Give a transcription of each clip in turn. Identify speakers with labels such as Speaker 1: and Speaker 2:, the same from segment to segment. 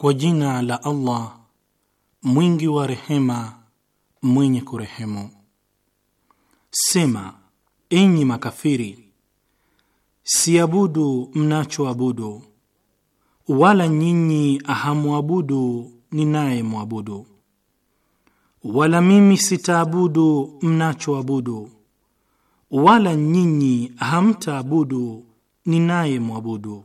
Speaker 1: Kwa jina la
Speaker 2: Allah mwingi wa rehema, mwenye kurehemu. Sema, enyi makafiri, siabudu mnachoabudu, wala nyinyi hamwabudu mwabudu wala mimi sitaabudu mnachoabudu, wala nyinyi hamtaabudu ninayemwabudu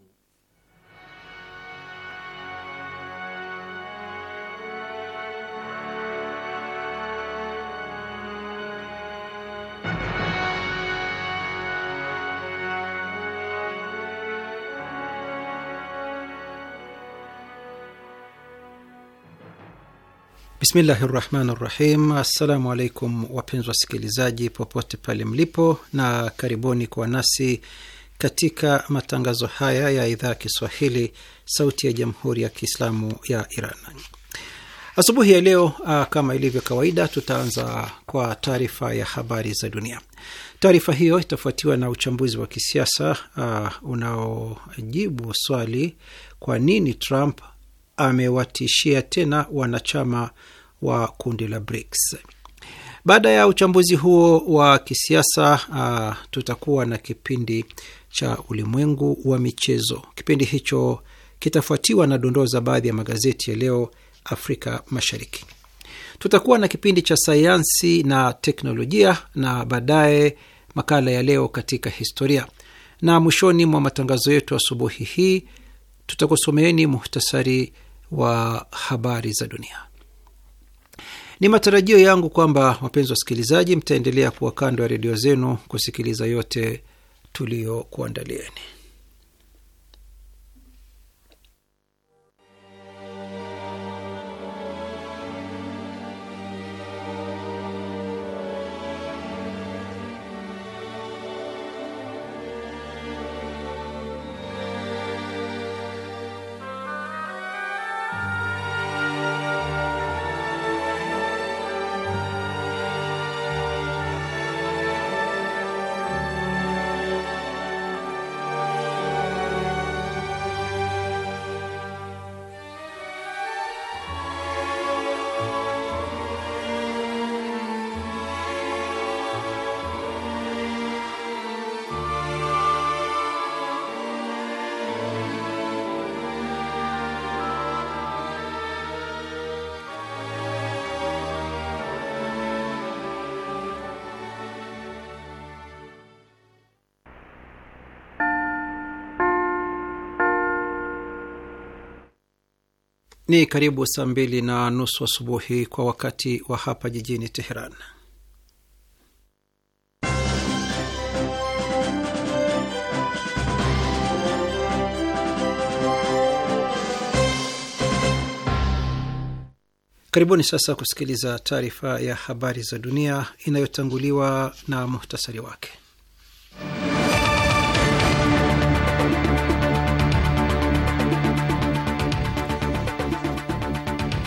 Speaker 1: Bismillahi rahmani rahim. Assalamu alaikum wapenzi wasikilizaji popote pale mlipo, na karibuni kwa nasi katika matangazo haya ya idhaa ya Kiswahili sauti ya jamhuri ya Kiislamu ya Iran. Asubuhi ya leo ah, kama ilivyo kawaida, tutaanza kwa taarifa ya habari za dunia. Taarifa hiyo itafuatiwa na uchambuzi wa kisiasa ah, unaojibu swali, kwa nini Trump amewatishia tena wanachama wa kundi la BRICS. Baada ya uchambuzi huo wa kisiasa uh, tutakuwa na kipindi cha ulimwengu wa michezo. Kipindi hicho kitafuatiwa na dondoo za baadhi ya magazeti ya leo Afrika Mashariki. Tutakuwa na kipindi cha sayansi na teknolojia na baadaye makala ya leo katika historia, na mwishoni mwa matangazo yetu asubuhi hii tutakusomeeni muhtasari wa habari za dunia. Ni matarajio yangu kwamba wapenzi wasikilizaji, mtaendelea kuwa kando ya redio zenu kusikiliza yote tuliyokuandalieni. Ni karibu saa mbili na nusu asubuhi kwa wakati wa hapa jijini Teheran. Karibuni sasa kusikiliza taarifa ya habari za dunia inayotanguliwa na muhtasari wake.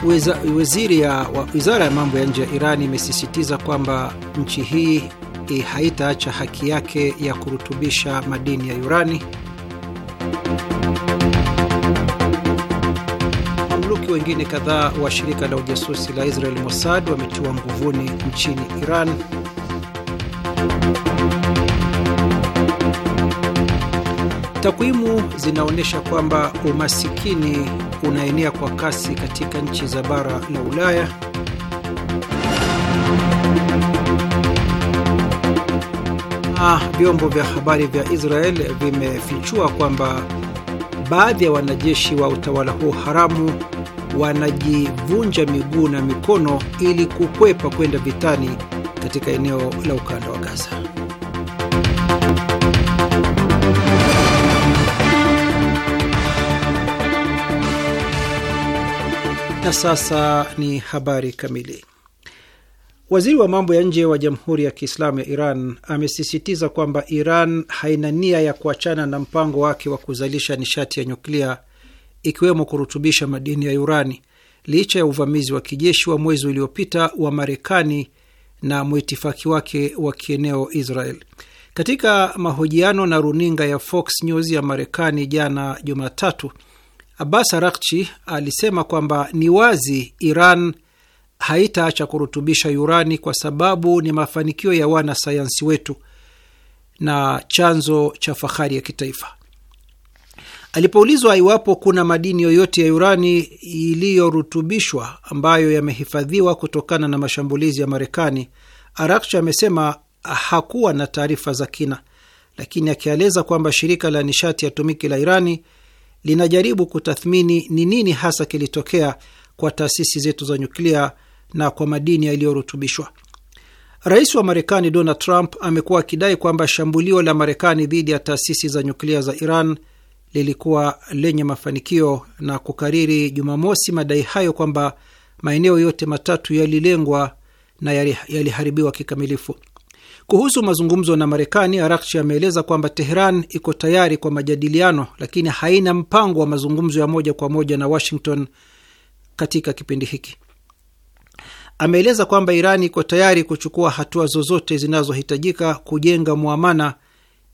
Speaker 1: Wizara ya, wizara ya mambo ya nje ya Iran imesisitiza kwamba nchi hii e, haitaacha haki yake ya kurutubisha madini ya urani. Mamluki wengine kadhaa wa shirika la ujasusi la Israel Mossad wametiwa nguvuni nchini Iran. Takwimu zinaonyesha kwamba umasikini unaenea kwa kasi katika nchi za bara la Ulaya. Ah, vyombo vya habari vya Israel vimefichua kwamba baadhi ya wanajeshi wa utawala huo haramu wanajivunja miguu na mikono ili kukwepa kwenda vitani katika eneo la ukanda wa Gaza. Na sasa ni habari kamili. Waziri wa mambo ya nje wa Jamhuri ya Kiislamu ya Iran amesisitiza kwamba Iran haina nia ya kuachana na mpango wake wa kuzalisha nishati ya nyuklia ikiwemo kurutubisha madini ya urani licha ya uvamizi wa kijeshi wa mwezi uliopita wa Marekani na mwitifaki wake wa kieneo Israel. Katika mahojiano na runinga ya Fox News ya Marekani jana Jumatatu, Abbas Arakchi alisema kwamba ni wazi Iran haitaacha kurutubisha urani kwa sababu ni mafanikio ya wanasayansi wetu na chanzo cha fahari ya kitaifa. Alipoulizwa iwapo kuna madini yoyote ya urani iliyorutubishwa ambayo yamehifadhiwa kutokana na mashambulizi ya Marekani, Arakchi amesema hakuwa na taarifa za kina, lakini akieleza kwamba shirika la nishati ya tumiki la Irani linajaribu kutathmini ni nini hasa kilitokea kwa taasisi zetu za nyuklia na kwa madini yaliyorutubishwa. Rais wa Marekani Donald Trump amekuwa akidai kwamba shambulio la Marekani dhidi ya taasisi za nyuklia za Iran lilikuwa lenye mafanikio na kukariri Jumamosi madai hayo kwamba maeneo yote matatu yalilengwa na yaliharibiwa kikamilifu. Kuhusu mazungumzo na Marekani, Arakchi ameeleza kwamba Teheran iko tayari kwa majadiliano, lakini haina mpango wa mazungumzo ya moja kwa moja na Washington katika kipindi hiki. Ameeleza kwamba Iran iko tayari kuchukua hatua zozote zinazohitajika kujenga mwamana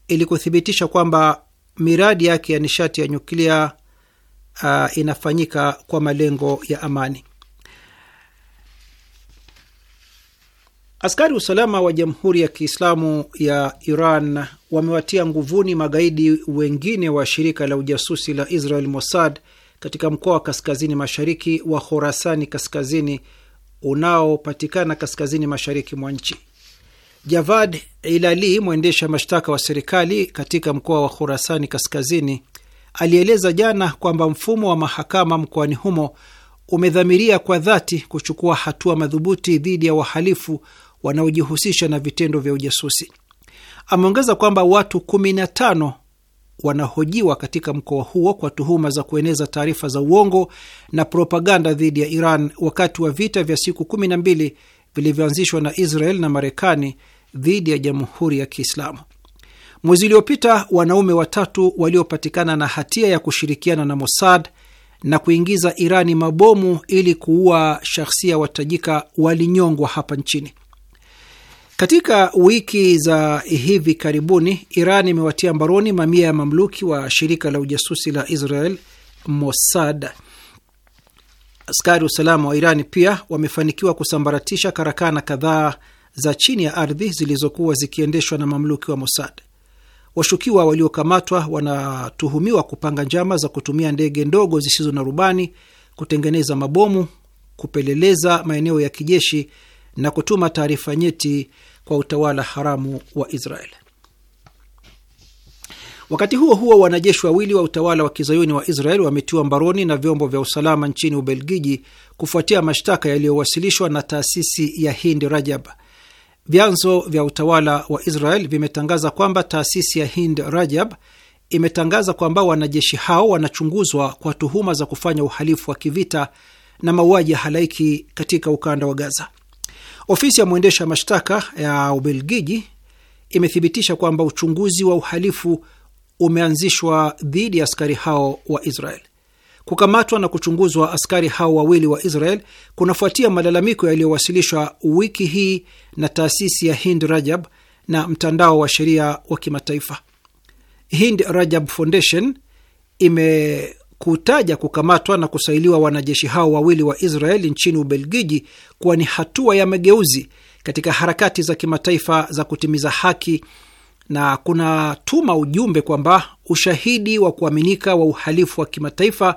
Speaker 1: ili kuthibitisha kwamba miradi yake ya nishati ya nyuklia uh, inafanyika kwa malengo ya amani. Askari usalama wa Jamhuri ya Kiislamu ya Iran wamewatia nguvuni magaidi wengine wa shirika la ujasusi la Israel Mossad katika mkoa wa kaskazini mashariki wa Khorasani kaskazini unaopatikana kaskazini mashariki mwa nchi. Javad Ilali, mwendesha mashtaka wa serikali katika mkoa wa Khorasani kaskazini, alieleza jana kwamba mfumo wa mahakama mkoani humo umedhamiria kwa dhati kuchukua hatua madhubuti dhidi ya wahalifu wanaojihusisha na vitendo vya ujasusi. Ameongeza kwamba watu 15 wanahojiwa katika mkoa huo kwa tuhuma za kueneza taarifa za uongo na propaganda dhidi ya Iran wakati wa vita vya siku 12 vilivyoanzishwa na Israel na Marekani dhidi ya Jamhuri ya Kiislamu. Mwezi uliopita wanaume watatu waliopatikana na hatia ya kushirikiana na Mossad na kuingiza Irani mabomu ili kuua shahsia watajika walinyongwa hapa nchini. Katika wiki za hivi karibuni, Iran imewatia mbaroni mamia ya mamluki wa shirika la ujasusi la Israel Mossad. Askari usalama wa Iran pia wamefanikiwa kusambaratisha karakana kadhaa za chini ya ardhi zilizokuwa zikiendeshwa na mamluki wa Mossad. Washukiwa waliokamatwa wanatuhumiwa kupanga njama za kutumia ndege ndogo zisizo na rubani kutengeneza mabomu, kupeleleza maeneo ya kijeshi na kutuma taarifa nyeti kwa utawala haramu wa israel Wakati huo huo, wanajeshi wawili wa utawala wa kizayuni wa israel wametiwa mbaroni na vyombo vya usalama nchini Ubelgiji kufuatia mashtaka yaliyowasilishwa na taasisi ya Hind Rajab. Vyanzo vya utawala wa Israel vimetangaza kwamba taasisi ya Hind Rajab imetangaza kwamba wanajeshi hao wanachunguzwa kwa tuhuma za kufanya uhalifu wa kivita na mauaji ya halaiki katika ukanda wa Gaza. Ofisi ya mwendesha mashtaka ya Ubelgiji imethibitisha kwamba uchunguzi wa uhalifu umeanzishwa dhidi ya askari hao wa Israel. Kukamatwa na kuchunguzwa askari hao wawili wa Israel kunafuatia malalamiko yaliyowasilishwa wiki hii na taasisi ya Hind Rajab na mtandao wa sheria wa kimataifa. Hind Rajab Foundation ime kutaja kukamatwa na kusailiwa wanajeshi hao wawili wa Israeli nchini Ubelgiji kuwa ni hatua ya mageuzi katika harakati za kimataifa za kutimiza haki na kunatuma ujumbe kwamba ushahidi wa kuaminika wa uhalifu wa kimataifa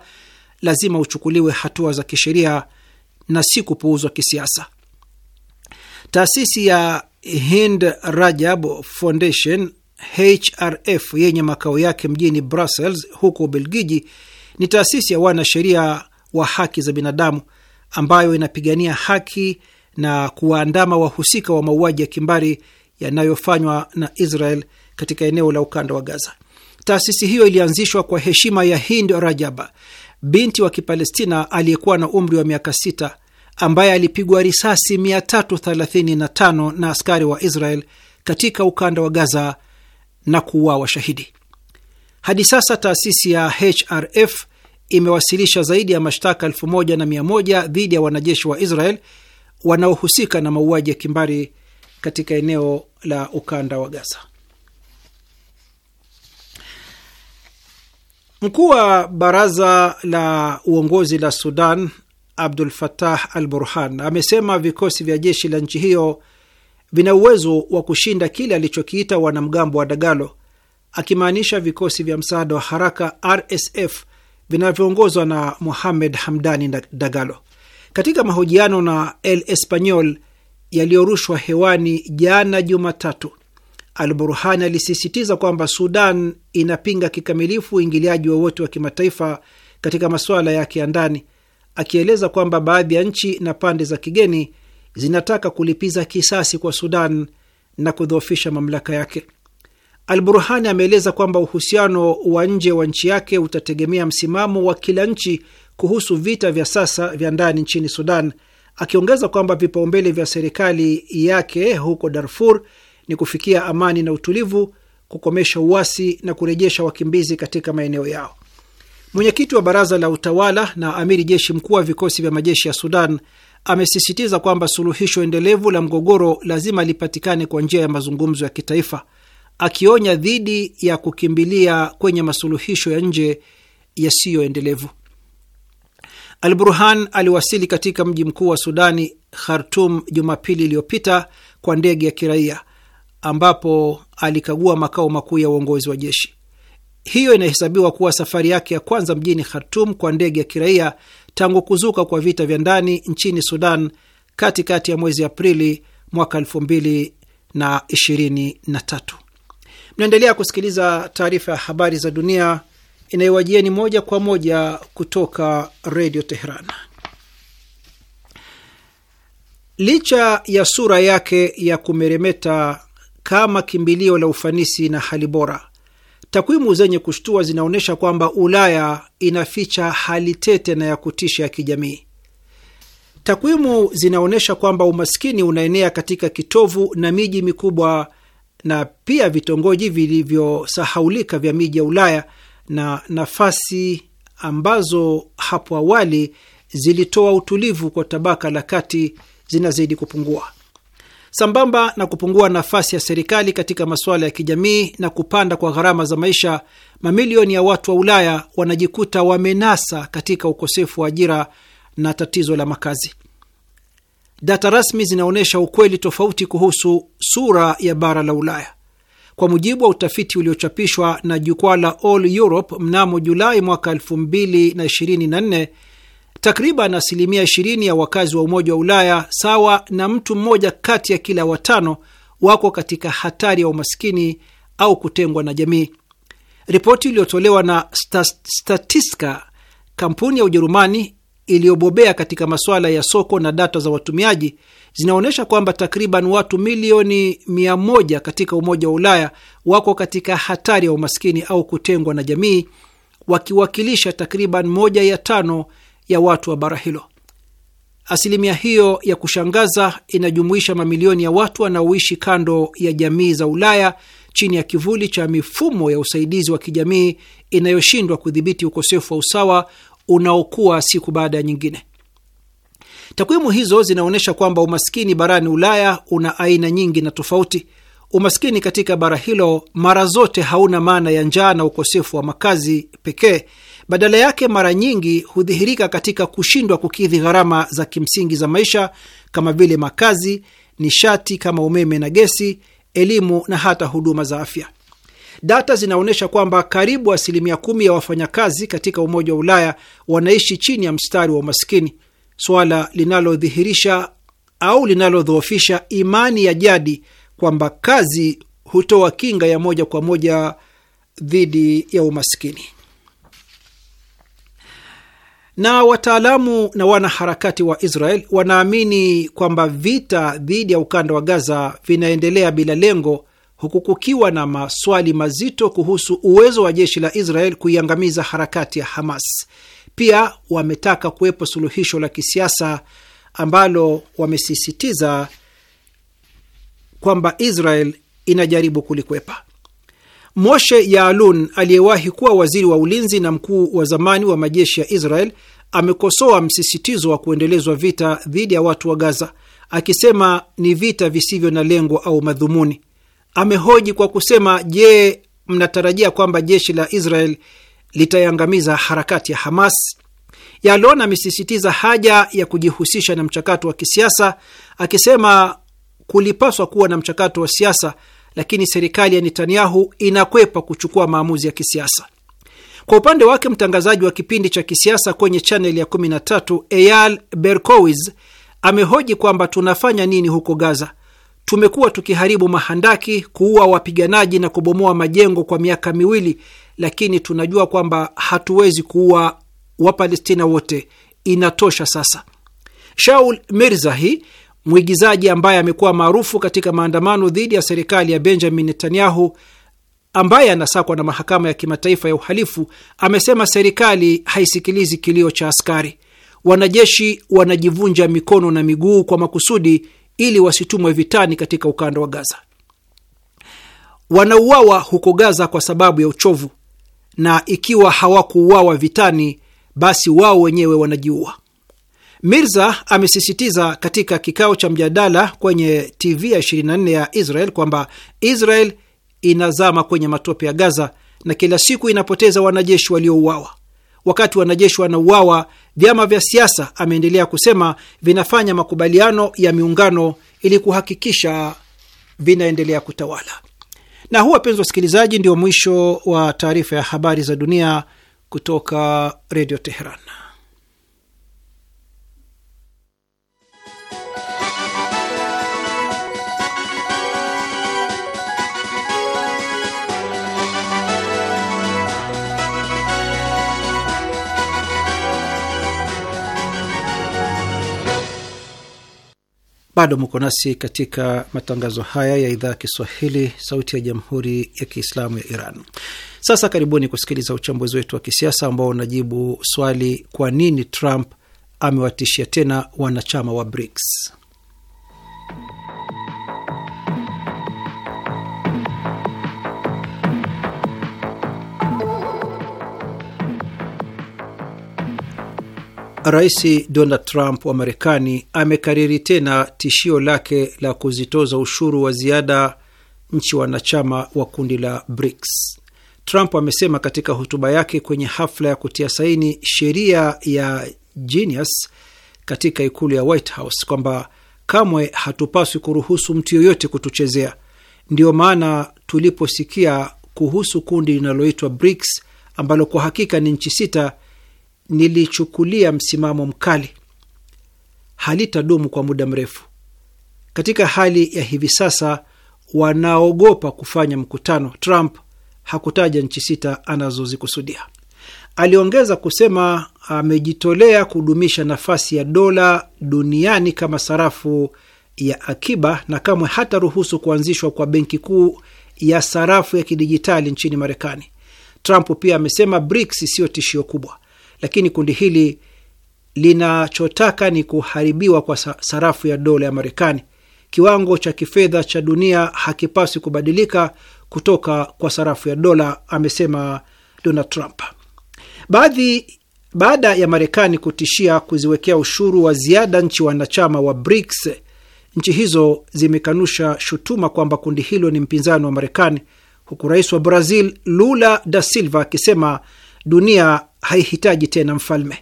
Speaker 1: lazima uchukuliwe hatua za kisheria na si kupuuzwa kisiasa. Taasisi ya Hind Rajab Foundation HRF yenye makao yake mjini Brussels huko Ubelgiji ni taasisi ya wanasheria wa haki za binadamu ambayo inapigania haki na kuwaandama wahusika wa mauaji ya kimbari yanayofanywa na Israel katika eneo la ukanda wa Gaza. Taasisi hiyo ilianzishwa kwa heshima ya Hind Rajaba, binti wa Kipalestina aliyekuwa na umri wa miaka sita, ambaye alipigwa risasi 335 na askari wa Israel katika ukanda wa Gaza na kuuawa shahidi. Hadi sasa taasisi ya HRF imewasilisha zaidi ya mashtaka 1100 dhidi ya wanajeshi wa Israel wanaohusika na mauaji ya kimbari katika eneo la ukanda wa Gaza. Mkuu wa baraza la uongozi la Sudan Abdul fatah al Burhan amesema vikosi vya jeshi la nchi hiyo vina uwezo wa kushinda kile alichokiita wanamgambo wa Dagalo akimaanisha vikosi vya msaada wa haraka RSF vinavyoongozwa na Mohamed Hamdani Dagalo. Katika mahojiano na El Espanyol yaliyorushwa hewani jana Jumatatu, Al Burhani alisisitiza kwamba Sudan inapinga kikamilifu uingiliaji wowote wa, wa kimataifa katika masuala yake ya ndani, akieleza kwamba baadhi ya nchi na pande za kigeni zinataka kulipiza kisasi kwa Sudan na kudhoofisha mamlaka yake alburhani ameeleza kwamba uhusiano wa nje wa nchi yake utategemea msimamo wa kila nchi kuhusu vita vya sasa vya ndani nchini Sudan, akiongeza kwamba vipaumbele vya serikali yake huko Darfur ni kufikia amani na utulivu, kukomesha uasi na kurejesha wakimbizi katika maeneo yao. Mwenyekiti wa baraza la utawala na amiri jeshi mkuu wa vikosi vya majeshi ya Sudan amesisitiza kwamba suluhisho endelevu la mgogoro lazima lipatikane kwa njia ya mazungumzo ya kitaifa akionya dhidi ya kukimbilia kwenye masuluhisho ya nje yasiyoendelevu. Al Burhan aliwasili katika mji mkuu wa Sudani, Khartum, Jumapili iliyopita kwa ndege ya kiraia, ambapo alikagua makao makuu ya uongozi wa jeshi. Hiyo inahesabiwa kuwa safari yake ya kwanza mjini Khartum kwa ndege ya kiraia tangu kuzuka kwa vita vya ndani nchini Sudan katikati kati ya mwezi Aprili mwaka 22 Mnaendelea kusikiliza taarifa ya habari za dunia inayowajieni moja kwa moja kutoka redio Teheran. Licha ya sura yake ya kumeremeta kama kimbilio la ufanisi na hali bora, takwimu zenye kushtua zinaonyesha kwamba Ulaya inaficha hali tete na ya kutisha ya kijamii. Takwimu zinaonyesha kwamba umaskini unaenea katika kitovu na miji mikubwa na pia vitongoji vilivyosahaulika vya miji ya Ulaya na nafasi ambazo hapo awali zilitoa utulivu kwa tabaka la kati zinazidi kupungua sambamba na kupungua nafasi ya serikali katika masuala ya kijamii na kupanda kwa gharama za maisha, mamilioni ya watu wa Ulaya wanajikuta wamenasa katika ukosefu wa ajira na tatizo la makazi. Data rasmi zinaonyesha ukweli tofauti kuhusu sura ya bara la Ulaya. Kwa mujibu wa utafiti uliochapishwa na jukwaa la All Europe mnamo Julai mwaka 2024, takriban asilimia 20 ya wakazi wa Umoja wa Ulaya, sawa na mtu mmoja kati ya kila watano, wako katika hatari ya umaskini au kutengwa na jamii. Ripoti iliyotolewa na Statista, kampuni ya Ujerumani iliyobobea katika masuala ya soko na data za watumiaji zinaonyesha kwamba takriban watu milioni mia moja katika Umoja wa Ulaya wako katika hatari ya umaskini au kutengwa na jamii, wakiwakilisha takriban moja ya tano ya watu wa bara hilo. Asilimia hiyo ya kushangaza inajumuisha mamilioni ya watu wanaoishi kando ya jamii za Ulaya chini ya kivuli cha mifumo ya usaidizi wa kijamii inayoshindwa kudhibiti ukosefu wa usawa unaokuwa siku baada ya nyingine. Takwimu hizo zinaonyesha kwamba umaskini barani Ulaya una aina nyingi na tofauti. Umaskini katika bara hilo mara zote hauna maana ya njaa na ukosefu wa makazi pekee. Badala yake, mara nyingi hudhihirika katika kushindwa kukidhi gharama za kimsingi za maisha kama vile makazi, nishati kama umeme na gesi, elimu na hata huduma za afya. Data zinaonyesha kwamba karibu asilimia kumi ya wafanyakazi katika Umoja wa Ulaya wanaishi chini ya mstari wa umaskini, swala linalodhihirisha au linalodhoofisha imani ya jadi kwamba kazi hutoa kinga ya moja kwa moja dhidi ya umaskini. Na wataalamu na wanaharakati wa Israel wanaamini kwamba vita dhidi ya ukanda wa Gaza vinaendelea bila lengo huku kukiwa na maswali mazito kuhusu uwezo wa jeshi la Israel kuiangamiza harakati ya Hamas. Pia wametaka kuwepo suluhisho la kisiasa ambalo wamesisitiza kwamba Israel inajaribu kulikwepa. Moshe Yaalon aliyewahi kuwa waziri wa ulinzi na mkuu wa zamani wa majeshi ya Israel amekosoa msisitizo wa kuendelezwa vita dhidi ya watu wa Gaza akisema ni vita visivyo na lengo au madhumuni amehoji kwa kusema, je, mnatarajia kwamba jeshi la Israel litaiangamiza harakati ya Hamas? Yalon amesisitiza haja ya kujihusisha na mchakato wa kisiasa akisema kulipaswa kuwa na mchakato wa siasa, lakini serikali ya Netanyahu inakwepa kuchukua maamuzi ya kisiasa. Kwa upande wake, mtangazaji wa kipindi cha kisiasa kwenye chaneli ya 13 Eyal Berkowitz amehoji kwamba tunafanya nini huko Gaza Tumekuwa tukiharibu mahandaki, kuua wapiganaji na kubomoa majengo kwa miaka miwili, lakini tunajua kwamba hatuwezi kuua Wapalestina wote. Inatosha sasa. Shaul Mirzahi, mwigizaji ambaye amekuwa maarufu katika maandamano dhidi ya serikali ya Benjamin Netanyahu ambaye anasakwa na mahakama ya kimataifa ya uhalifu, amesema serikali haisikilizi kilio cha askari. Wanajeshi wanajivunja mikono na miguu kwa makusudi ili wasitumwe vitani katika ukanda wa Gaza. Wanauawa huko Gaza kwa sababu ya uchovu, na ikiwa hawakuuawa vitani, basi wao wenyewe wanajiua. Mirza amesisitiza katika kikao cha mjadala kwenye TV ya 24 ya Israel kwamba Israel inazama kwenye matope ya Gaza na kila siku inapoteza wanajeshi waliouawa wakati wanajeshi wanauawa, vyama vya siasa, ameendelea kusema, vinafanya makubaliano ya miungano ili kuhakikisha vinaendelea kutawala. Na huu, wapenzi wasikilizaji, ndio mwisho wa taarifa ya habari za dunia kutoka Redio Teheran. Bado mko nasi katika matangazo haya ya idhaa ya Kiswahili, sauti ya jamhuri ya kiislamu ya Iran. Sasa karibuni kusikiliza uchambuzi wetu wa kisiasa ambao unajibu swali, kwa nini Trump amewatishia tena wanachama wa BRICS? Rais Donald Trump wa Marekani amekariri tena tishio lake la kuzitoza ushuru wa ziada nchi wanachama wa kundi la BRICS. Trump amesema katika hotuba yake kwenye hafla ya kutia saini sheria ya Genius katika ikulu ya White House kwamba kamwe hatupaswi kuruhusu mtu yoyote kutuchezea. Ndiyo maana tuliposikia kuhusu kundi linaloitwa BRICS ambalo kwa hakika ni nchi sita nilichukulia msimamo mkali, halitadumu kwa muda mrefu. Katika hali ya hivi sasa, wanaogopa kufanya mkutano. Trump hakutaja nchi sita anazozikusudia. Aliongeza kusema amejitolea kudumisha nafasi ya dola duniani kama sarafu ya akiba na kamwe hataruhusu kuanzishwa kwa benki kuu ya sarafu ya kidijitali nchini Marekani. Trump pia amesema BRICS siyo tishio kubwa, lakini kundi hili linachotaka ni kuharibiwa kwa sarafu ya dola ya Marekani. Kiwango cha kifedha cha dunia hakipaswi kubadilika kutoka kwa sarafu ya dola, amesema Donald Trump. Baadhi baada ya Marekani kutishia kuziwekea ushuru wa ziada nchi wanachama wa BRICS, nchi hizo zimekanusha shutuma kwamba kundi hilo ni mpinzani wa Marekani, huku rais wa Brazil Lula da Silva akisema dunia haihitaji tena mfalme.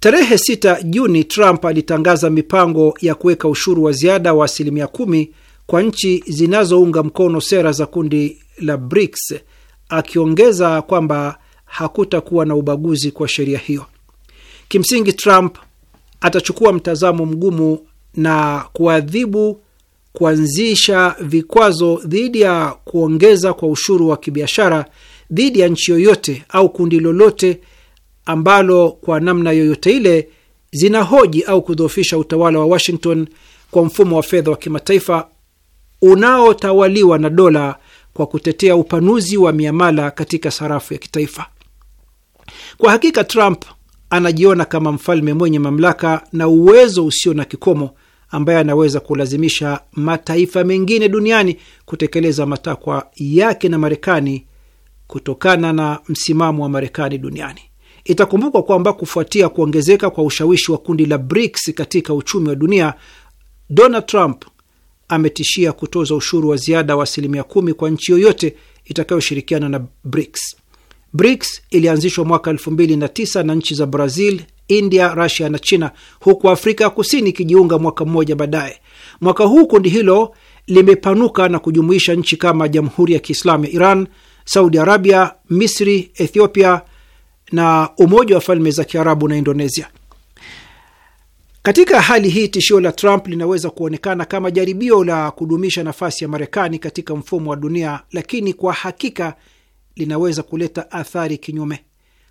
Speaker 1: Tarehe 6 Juni, Trump alitangaza mipango ya kuweka ushuru wa ziada wa asilimia kumi kwa nchi zinazounga mkono sera za kundi la BRICS, akiongeza kwamba hakutakuwa na ubaguzi kwa sheria hiyo. Kimsingi, Trump atachukua mtazamo mgumu na kuadhibu kuanzisha vikwazo dhidi ya kuongeza kwa ushuru wa kibiashara dhidi ya nchi yoyote au kundi lolote ambalo kwa namna yoyote ile zinahoji au kudhoofisha utawala wa Washington kwa mfumo wa fedha wa kimataifa unaotawaliwa na dola kwa kutetea upanuzi wa miamala katika sarafu ya kitaifa. Kwa hakika Trump anajiona kama mfalme mwenye mamlaka na uwezo usio na kikomo ambaye anaweza kulazimisha mataifa mengine duniani kutekeleza matakwa yake na Marekani kutokana na msimamo wa Marekani duniani. Itakumbukwa kwamba kufuatia kuongezeka kwa ushawishi wa kundi la BRICS katika uchumi wa dunia, Donald Trump ametishia kutoza ushuru wa ziada wa asilimia kumi kwa nchi yoyote itakayoshirikiana na BRICS. BRICS ilianzishwa mwaka mbili na nchi za Brazil, India, rasia na China, huku Afrika ya Kusini ikijiunga mwaka mmoja baadaye. Mwaka huu kundi hilo limepanuka na kujumuisha nchi kama Jamhuri ya Kiislamu ya Iran, Saudi Arabia, Misri, Ethiopia na Umoja wa Falme za Kiarabu na Indonesia. Katika hali hii, tishio la Trump linaweza kuonekana kama jaribio la kudumisha nafasi ya Marekani katika mfumo wa dunia, lakini kwa hakika linaweza kuleta athari kinyume.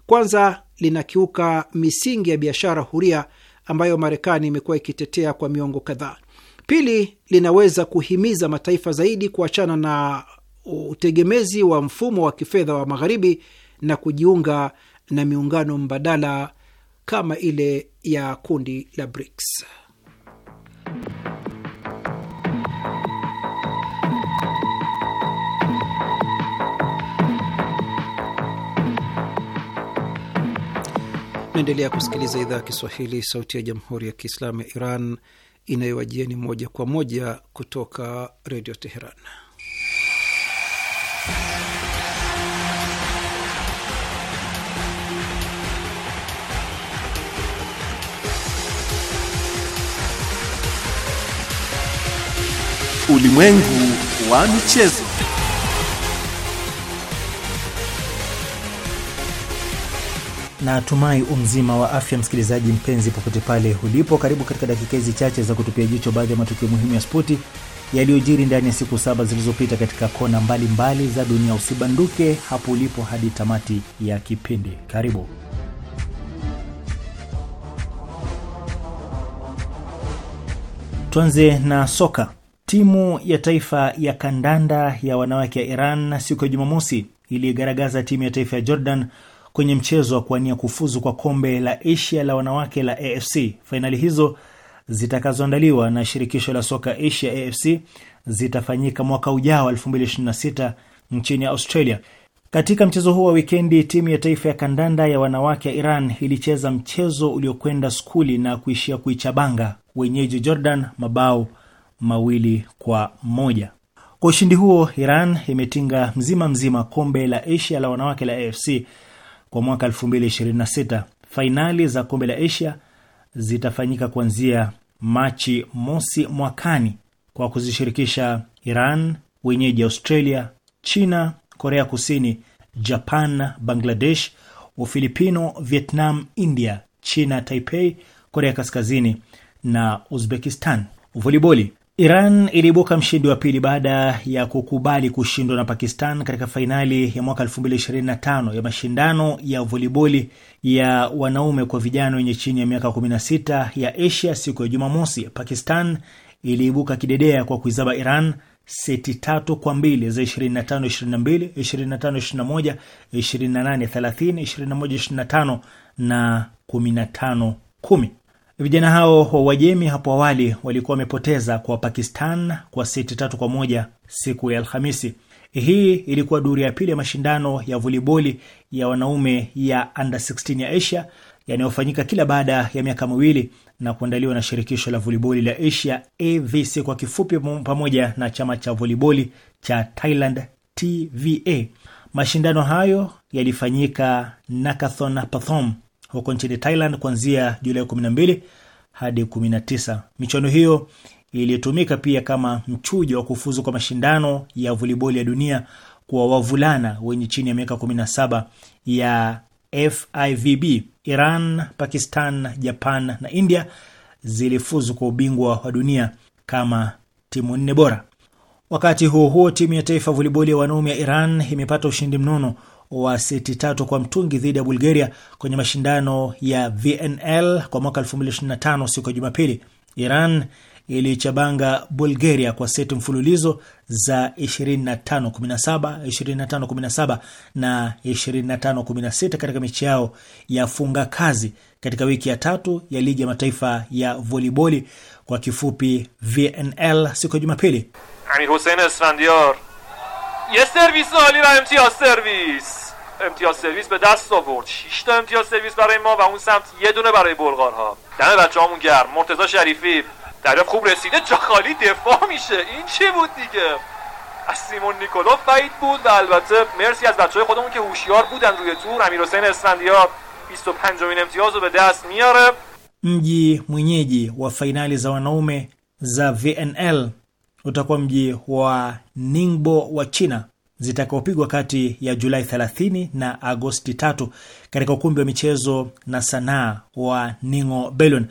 Speaker 1: Kwanza, linakiuka misingi ya biashara huria ambayo Marekani imekuwa ikitetea kwa miongo kadhaa. Pili, linaweza kuhimiza mataifa zaidi kuachana na utegemezi wa mfumo wa kifedha wa Magharibi na kujiunga na miungano mbadala kama ile ya kundi la BRICS. Naendelea kusikiliza idhaa ya Kiswahili, sauti ya jamhuri ya kiislamu ya Iran inayowajieni moja kwa moja kutoka redio Teheran.
Speaker 2: Ulimwengu wa michezo. Na tumai umzima wa afya, msikilizaji mpenzi, popote pale ulipo, karibu katika dakika hizi chache za kutupia jicho baadhi ya matukio muhimu ya spoti yaliyojiri ndani ya siku saba zilizopita katika kona mbalimbali mbali za dunia. Usibanduke hapo ulipo hadi tamati ya kipindi. Karibu. Tuanze na soka. Timu ya taifa ya kandanda ya wanawake ya Iran siku ya Jumamosi iliigaragaza timu ya taifa ya Jordan kwenye mchezo wa kuwania kufuzu kwa kombe la Asia la wanawake la AFC. Fainali hizo zitakazoandaliwa na shirikisho la soka Asia AFC zitafanyika mwaka ujao 2026 nchini Australia. Katika mchezo huu wa wikendi, timu ya taifa ya kandanda ya wanawake ya Iran ilicheza mchezo uliokwenda skuli na kuishia kuichabanga wenyeji Jordan mabao mawili kwa moja. Kwa ushindi huo, Iran imetinga mzima mzima kombe la Asia la wanawake la AFC kwa mwaka 2026. Fainali za kombe la Asia zitafanyika kuanzia Machi mosi mwakani kwa kuzishirikisha Iran, wenyeji Australia, China, Korea Kusini, Japan, Bangladesh, Ufilipino, Vietnam, India, China Taipei, Korea Kaskazini na Uzbekistan. Voliboli Iran iliibuka mshindi wa pili baada ya kukubali kushindwa na Pakistan katika fainali ya mwaka 2025 ya mashindano ya voliboli ya wanaume kwa vijana wenye chini ya miaka 16 ya Asia siku ya Jumamosi. Pakistan iliibuka kidedea kwa kuizaba Iran seti tatu kwa mbili za 25 22, 25 21, 28 30, 21 25 na 15 10. Vijana hao wa Uajemi hapo awali walikuwa wamepoteza kwa Pakistan kwa seti tatu kwa moja siku ya Alhamisi. Hii ilikuwa duru ya pili ya mashindano ya voliboli ya wanaume ya under 16 ya Asia yanayofanyika kila baada ya miaka miwili na kuandaliwa na shirikisho la voliboli la Asia AVC kwa kifupi, pamoja na chama cha voliboli cha Thailand TVA. Mashindano hayo yalifanyika Nakathon Pathom huko nchini Thailand kuanzia Julai 12 hadi 19. Michuano hiyo ilitumika pia kama mchujo wa kufuzu kwa mashindano ya voliboli ya dunia kwa wavulana wenye chini ya miaka 17 ya FIVB. Iran, Pakistan, Japan na India zilifuzu kwa ubingwa wa dunia kama timu nne bora. Wakati huo huo, timu ya taifa voliboli ya wanaume ya Iran imepata ushindi mnono wa seti tatu kwa mtungi dhidi ya Bulgaria kwenye mashindano ya VNL kwa mwaka 2025 siku ya Jumapili. Iran ilichabanga Bulgaria kwa seti mfululizo za 25 17, 25 17 na 25 16 katika mechi yao ya funga kazi katika wiki ya tatu ya ligi ya mataifa ya voliboli kwa kifupi VNL siku ya Jumapili.
Speaker 3: Amir Hussein یه سرویس عالی و امتیاز
Speaker 4: سرویس امتیاز سرویس به دست آورد 6 تا امتیاز سرویس برای ما و اون سمت یه دونه برای
Speaker 2: بلغارها دم بچه‌هامون گرم مرتضی شریفی در خوب رسیده جا خالی دفاع میشه این چی بود دیگه از سیمون نیکولوف بعید بود و البته مرسی از بچه های خودمون که هوشیار بودن روی تور امیر حسین اسفندیار 25 امتیاز رو به دست میاره mji و و زوانومه za وی utakuwa mji wa Ningbo wa China zitakaopigwa kati ya Julai 30 na Agosti 3 katika ukumbi wa michezo na sanaa wa Ningo Belon.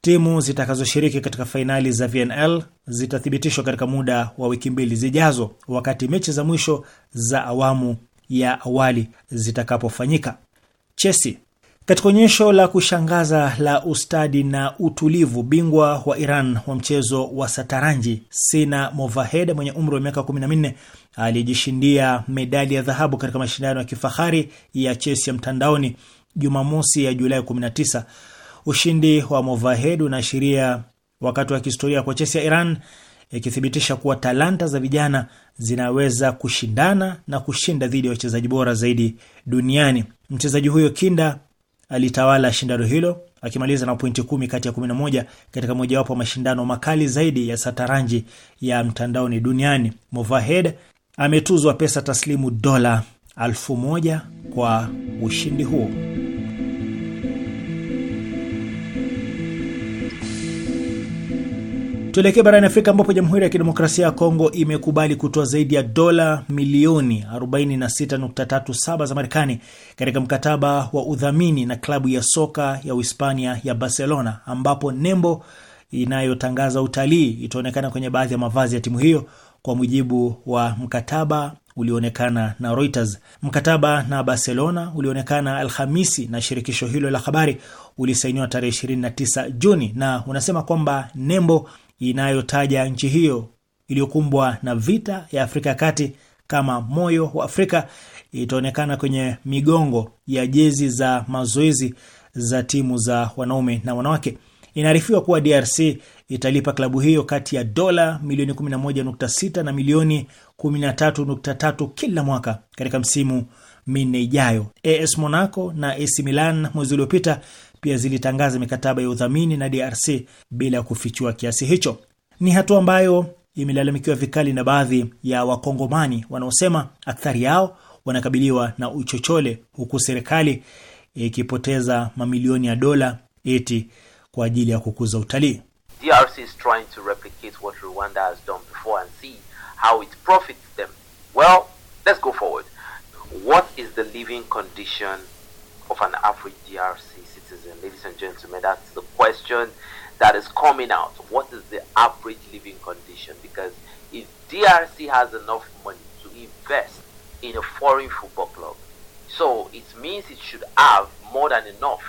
Speaker 2: Timu zitakazoshiriki katika fainali za VNL zitathibitishwa katika muda wa wiki mbili zijazo, wakati mechi za mwisho za awamu ya awali zitakapofanyika. Chesi katika onyesho la kushangaza la ustadi na utulivu, bingwa wa Iran wa mchezo wa sataranji Sina Movahed mwenye umri wa miaka 14 alijishindia medali ya dhahabu katika mashindano ya kifahari ya chesi ya mtandaoni Jumamosi ya Julai 19. Ushindi wa Movahed unaashiria wakati wa kihistoria kwa chesi ya Iran, ikithibitisha kuwa talanta za vijana zinaweza kushindana na kushinda dhidi ya wachezaji bora zaidi duniani. Mchezaji huyo kinda alitawala shindano hilo akimaliza na pointi kumi kati ya 11 katika mojawapo wa mashindano makali zaidi ya sataranji ya mtandaoni duniani. Movahed ametuzwa pesa taslimu dola elfu moja kwa ushindi huo. Tuelekee barani Afrika ambapo Jamhuri ya Kidemokrasia ya Kongo imekubali kutoa zaidi ya dola milioni 46.37 za Marekani katika mkataba wa udhamini na klabu ya soka ya Uhispania ya Barcelona, ambapo nembo inayotangaza utalii itaonekana kwenye baadhi ya mavazi ya timu hiyo, kwa mujibu wa mkataba ulioonekana na Reuters. Mkataba na Barcelona ulioonekana Alhamisi na shirikisho hilo la habari ulisainiwa tarehe 29 Juni na unasema kwamba nembo inayotaja nchi hiyo iliyokumbwa na vita ya Afrika ya Kati kama moyo wa Afrika itaonekana kwenye migongo ya jezi za mazoezi za timu za wanaume na wanawake. Inaarifiwa kuwa DRC italipa klabu hiyo kati ya dola milioni 11.6 na milioni 13.3 kila mwaka katika msimu minne ijayo. AS Monaco na AC Milan mwezi uliopita pia zilitangaza mikataba ya udhamini na DRC bila ya kufichua kiasi hicho. Ni hatua ambayo imelalamikiwa vikali na baadhi ya Wakongomani wanaosema akthari yao wanakabiliwa na uchochole, huku serikali ikipoteza mamilioni ya dola eti kwa ajili ya kukuza utalii. DRC is trying to replicate what Rwanda has done
Speaker 1: before and see how it profits them. Well, let's go forward. What is the living condition of an average DRC? ladies and gentlemen.
Speaker 2: That's the question that is coming out. What is the average living condition? Because if DRC has enough money to invest in a foreign football club, so it means it should have more than enough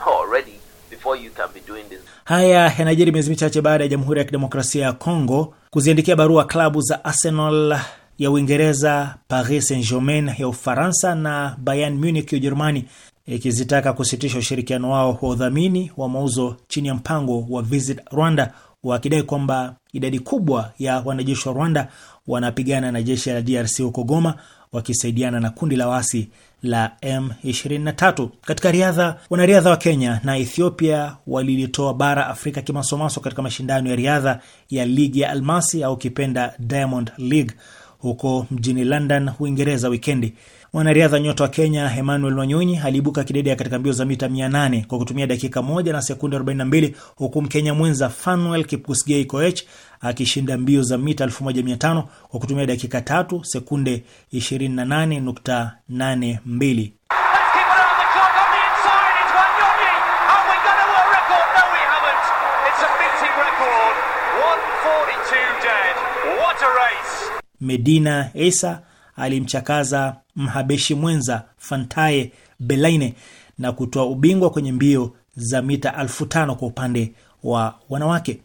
Speaker 2: already before you can be doing this. Haya yanajiri miezi michache baada ya Jamhuri ya Kidemokrasia ya Kongo kuziandikia barua klabu za Arsenal ya Uingereza, Paris Saint-Germain ya Ufaransa na Bayern Munich ya Ujerumani ikizitaka kusitisha ushirikiano wao wa udhamini wa mauzo chini ya mpango wa Visit Rwanda, wakidai kwamba idadi kubwa ya wanajeshi wa Rwanda wanapigana na jeshi la DRC huko Goma wakisaidiana na kundi la wasi la M23. Katika riadha, wanariadha wa Kenya na Ethiopia walilitoa bara Afrika kimasomaso katika mashindano ya riadha ya ligi ya Almasi au kipenda Diamond League huko mjini London, Uingereza wikendi. Mwanariadha nyota wa Kenya Emmanuel Wanyonyi aliibuka kidedea katika mbio za mita 800 kwa kutumia dakika moja na sekunde 42 huku Mkenya mwenza Fanuel Kipusgei Koech akishinda mbio za mita 1500 kwa kutumia dakika 3 sekunde 28.82. Medina Esa alimchakaza mhabeshi mwenza Fantaye Belaine na kutoa ubingwa kwenye mbio za mita elfu tano kwa upande wa wanawake.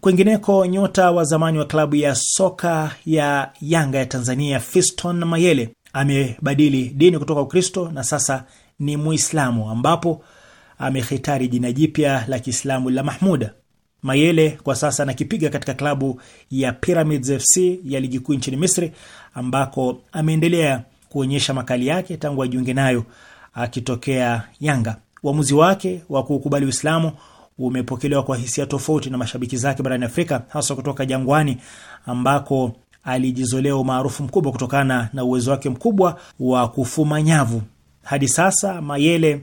Speaker 2: Kwingineko, nyota wa zamani wa klabu ya soka ya Yanga ya Tanzania Fiston Mayele amebadili dini kutoka Ukristo na sasa ni Muislamu, ambapo amehitari jina jipya la Kiislamu la Mahmuda. Mayele kwa sasa anakipiga katika klabu ya Pyramids FC ya ligi kuu nchini Misri ambako ameendelea kuonyesha makali yake tangu ajiunge nayo akitokea Yanga. Uamuzi wake wa kuukubali Uislamu umepokelewa kwa hisia tofauti na mashabiki zake barani Afrika, hasa kutoka Jangwani ambako alijizolea umaarufu mkubwa kutokana na uwezo wake mkubwa wa kufuma nyavu. Hadi sasa Mayele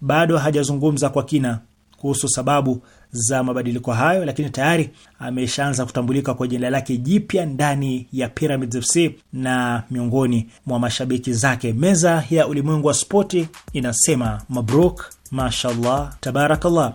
Speaker 2: bado hajazungumza kwa kina kuhusu sababu za mabadiliko hayo, lakini tayari ameshaanza kutambulika kwa jina lake jipya ndani ya Pyramids FC na miongoni mwa mashabiki zake. Meza ya ulimwengu wa spoti inasema mabruk, mashallah, tabarakallah.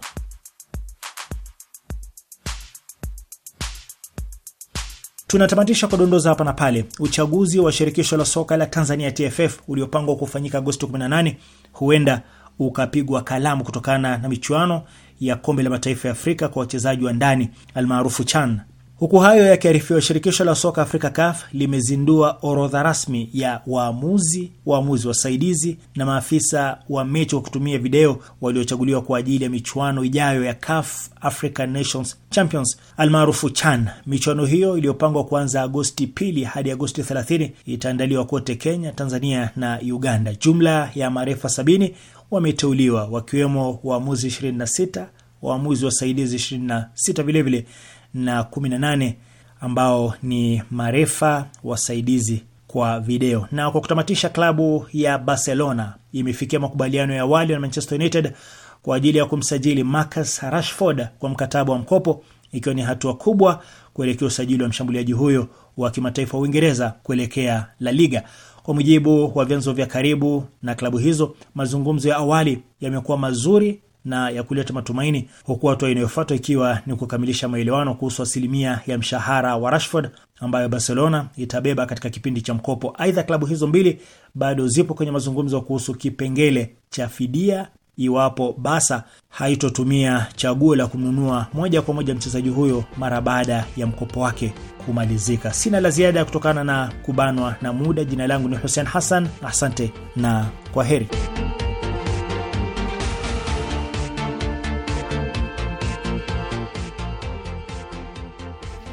Speaker 2: Tunatamatisha kwa dondoza hapa na pale. Uchaguzi wa shirikisho la soka la Tanzania TFF uliopangwa kufanyika Agosti 18 huenda ukapigwa kalamu kutokana na michuano ya kombe la mataifa ya Afrika kwa wachezaji wa ndani almaarufu CHAN. Huku hayo yakiarifiwa, shirikisho la soka Afrika CAF limezindua orodha rasmi ya waamuzi, waamuzi wasaidizi na maafisa wa mechi wa kutumia video waliochaguliwa kwa ajili ya michuano ijayo ya CAF African Nations Champions almaarufu CHAN. Michuano hiyo iliyopangwa kuanza Agosti pili hadi Agosti 30 itaandaliwa kote Kenya, Tanzania na Uganda. Jumla ya marefa sabini wameteuliwa wakiwemo waamuzi 26, waamuzi wasaidizi 26 vilevile na 18 ambao ni marefa wasaidizi kwa video. Na kwa kutamatisha, klabu ya Barcelona imefikia makubaliano ya awali na Manchester United kwa ajili ya kumsajili Marcus Rashford kwa mkataba wa mkopo, ikiwa ni hatua kubwa kuelekea usajili wa mshambuliaji huyo wa kimataifa wa Uingereza kuelekea La Liga. Kwa mujibu wa vyanzo vya karibu na klabu hizo, mazungumzo ya awali yamekuwa mazuri na ya kuleta matumaini, huku hatua inayofuata ikiwa ni kukamilisha maelewano kuhusu asilimia ya mshahara wa Rashford ambayo Barcelona itabeba katika kipindi cha mkopo. Aidha, klabu hizo mbili bado zipo kwenye mazungumzo kuhusu kipengele cha fidia iwapo Basa haitotumia chaguo la kumnunua moja kwa moja mchezaji huyo mara baada ya mkopo wake kumalizika. Sina la ziada kutokana na kubanwa na muda. Jina langu ni Hussein Hassan, asante
Speaker 1: na kwa heri.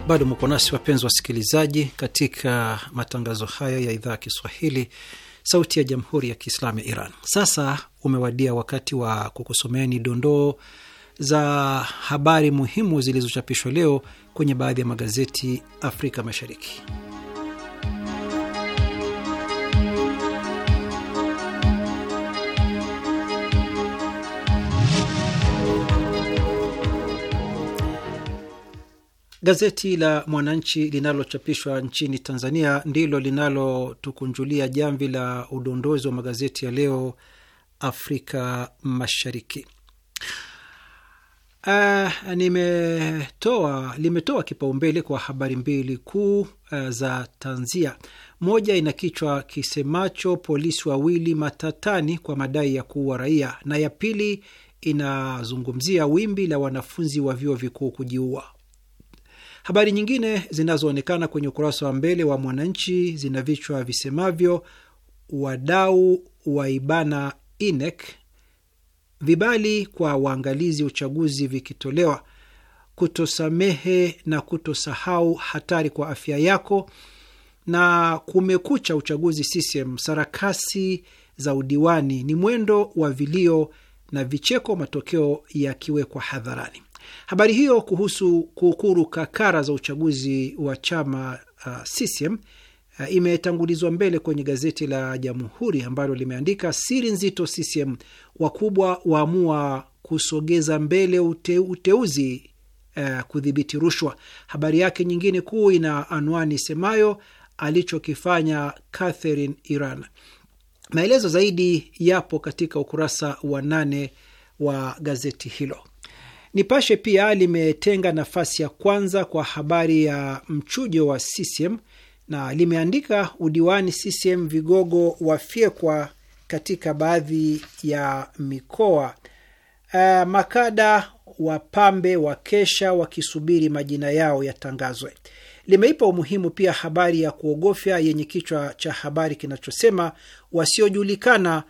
Speaker 1: Bado mko nasi wapenzi wasikilizaji, katika matangazo haya ya idhaa ya Kiswahili, Sauti ya Jamhuri ya Kiislamu ya Iran. Sasa umewadia wakati wa kukusomeni dondoo za habari muhimu zilizochapishwa leo kwenye baadhi ya magazeti Afrika Mashariki. Gazeti la Mwananchi linalochapishwa nchini Tanzania ndilo linalotukunjulia jamvi la udondozi wa magazeti ya leo Afrika Mashariki. Uh, nimetoa limetoa kipaumbele kwa habari mbili kuu uh, za tanzia. Moja ina kichwa kisemacho polisi wawili matatani kwa madai ya kuua raia, na ya pili inazungumzia wimbi la wanafunzi wa vyuo vikuu kujiua. Habari nyingine zinazoonekana kwenye ukurasa wa mbele wa Mwananchi zina vichwa visemavyo wadau waibana INEC, vibali kwa waangalizi uchaguzi vikitolewa, kutosamehe na kutosahau hatari kwa afya yako, na kumekucha uchaguzi CCM, sarakasi za udiwani ni mwendo wa vilio na vicheko, matokeo yakiwekwa hadharani. Habari hiyo kuhusu kuukuru kakara za uchaguzi wa chama uh, CCM Eh, imetangulizwa mbele kwenye gazeti la Jamhuri ambalo limeandika siri nzito CCM, wakubwa waamua kusogeza mbele ute, uteuzi uh, kudhibiti rushwa. Habari yake nyingine kuu ina anwani semayo alichokifanya Catherine Iran. Maelezo zaidi yapo katika ukurasa wa nane wa gazeti hilo. Nipashe pia limetenga nafasi ya kwanza kwa habari ya mchujo wa CCM na limeandika udiwani CCM vigogo wafyekwa katika baadhi ya mikoa. Uh, makada wapambe wakesha wakisubiri majina yao yatangazwe. Limeipa umuhimu pia habari ya kuogofya yenye kichwa cha habari kinachosema wasiojulikana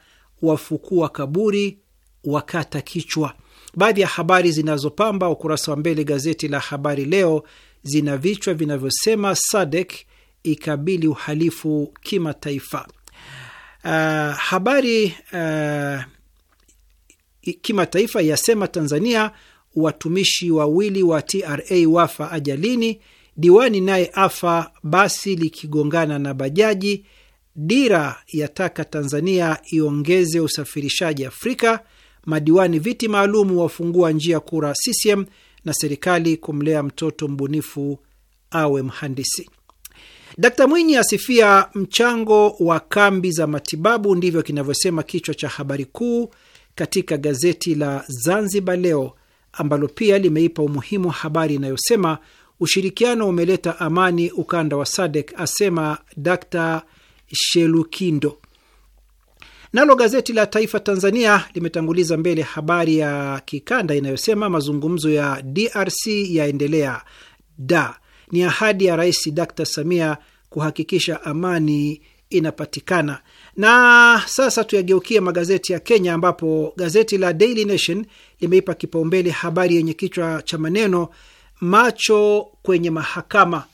Speaker 1: wafukua kaburi wakata kichwa. Baadhi ya habari zinazopamba ukurasa wa mbele gazeti la Habari Leo zina vichwa vinavyosema Sadek ikabili uhalifu kimataifa. Uh, habari uh, kimataifa yasema Tanzania watumishi wawili wa TRA wafa ajalini, diwani naye afa basi likigongana na bajaji, dira yataka Tanzania iongeze usafirishaji Afrika, madiwani viti maalum wafungua njia kura CCM, na serikali kumlea mtoto mbunifu awe mhandisi. Dkt Mwinyi asifia mchango wa kambi za matibabu, ndivyo kinavyosema kichwa cha habari kuu katika gazeti la Zanzibar Leo, ambalo pia limeipa umuhimu habari inayosema ushirikiano umeleta amani ukanda wa Sadek, asema Dkt Shelukindo. Nalo gazeti la Taifa Tanzania limetanguliza mbele habari ya kikanda inayosema mazungumzo ya DRC yaendelea da ni ahadi ya Rais Dkt. Samia kuhakikisha amani inapatikana. Na sasa tuyageukie magazeti ya Kenya, ambapo gazeti la Daily Nation limeipa kipaumbele habari yenye kichwa cha maneno macho kwenye mahakama.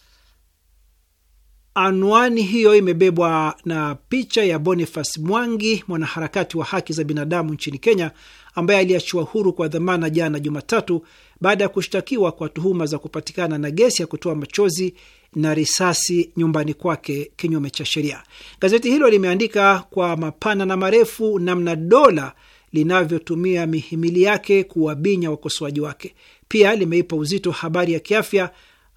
Speaker 1: Anwani hiyo imebebwa na picha ya Boniface Mwangi, mwanaharakati wa haki za binadamu nchini Kenya, ambaye aliachiwa huru kwa dhamana jana Jumatatu baada ya kushtakiwa kwa tuhuma za kupatikana na gesi ya kutoa machozi na risasi nyumbani kwake kinyume cha sheria. Gazeti hilo limeandika kwa mapana na marefu namna dola linavyotumia mihimili yake kuwabinya wakosoaji wake. Pia limeipa uzito habari ya kiafya,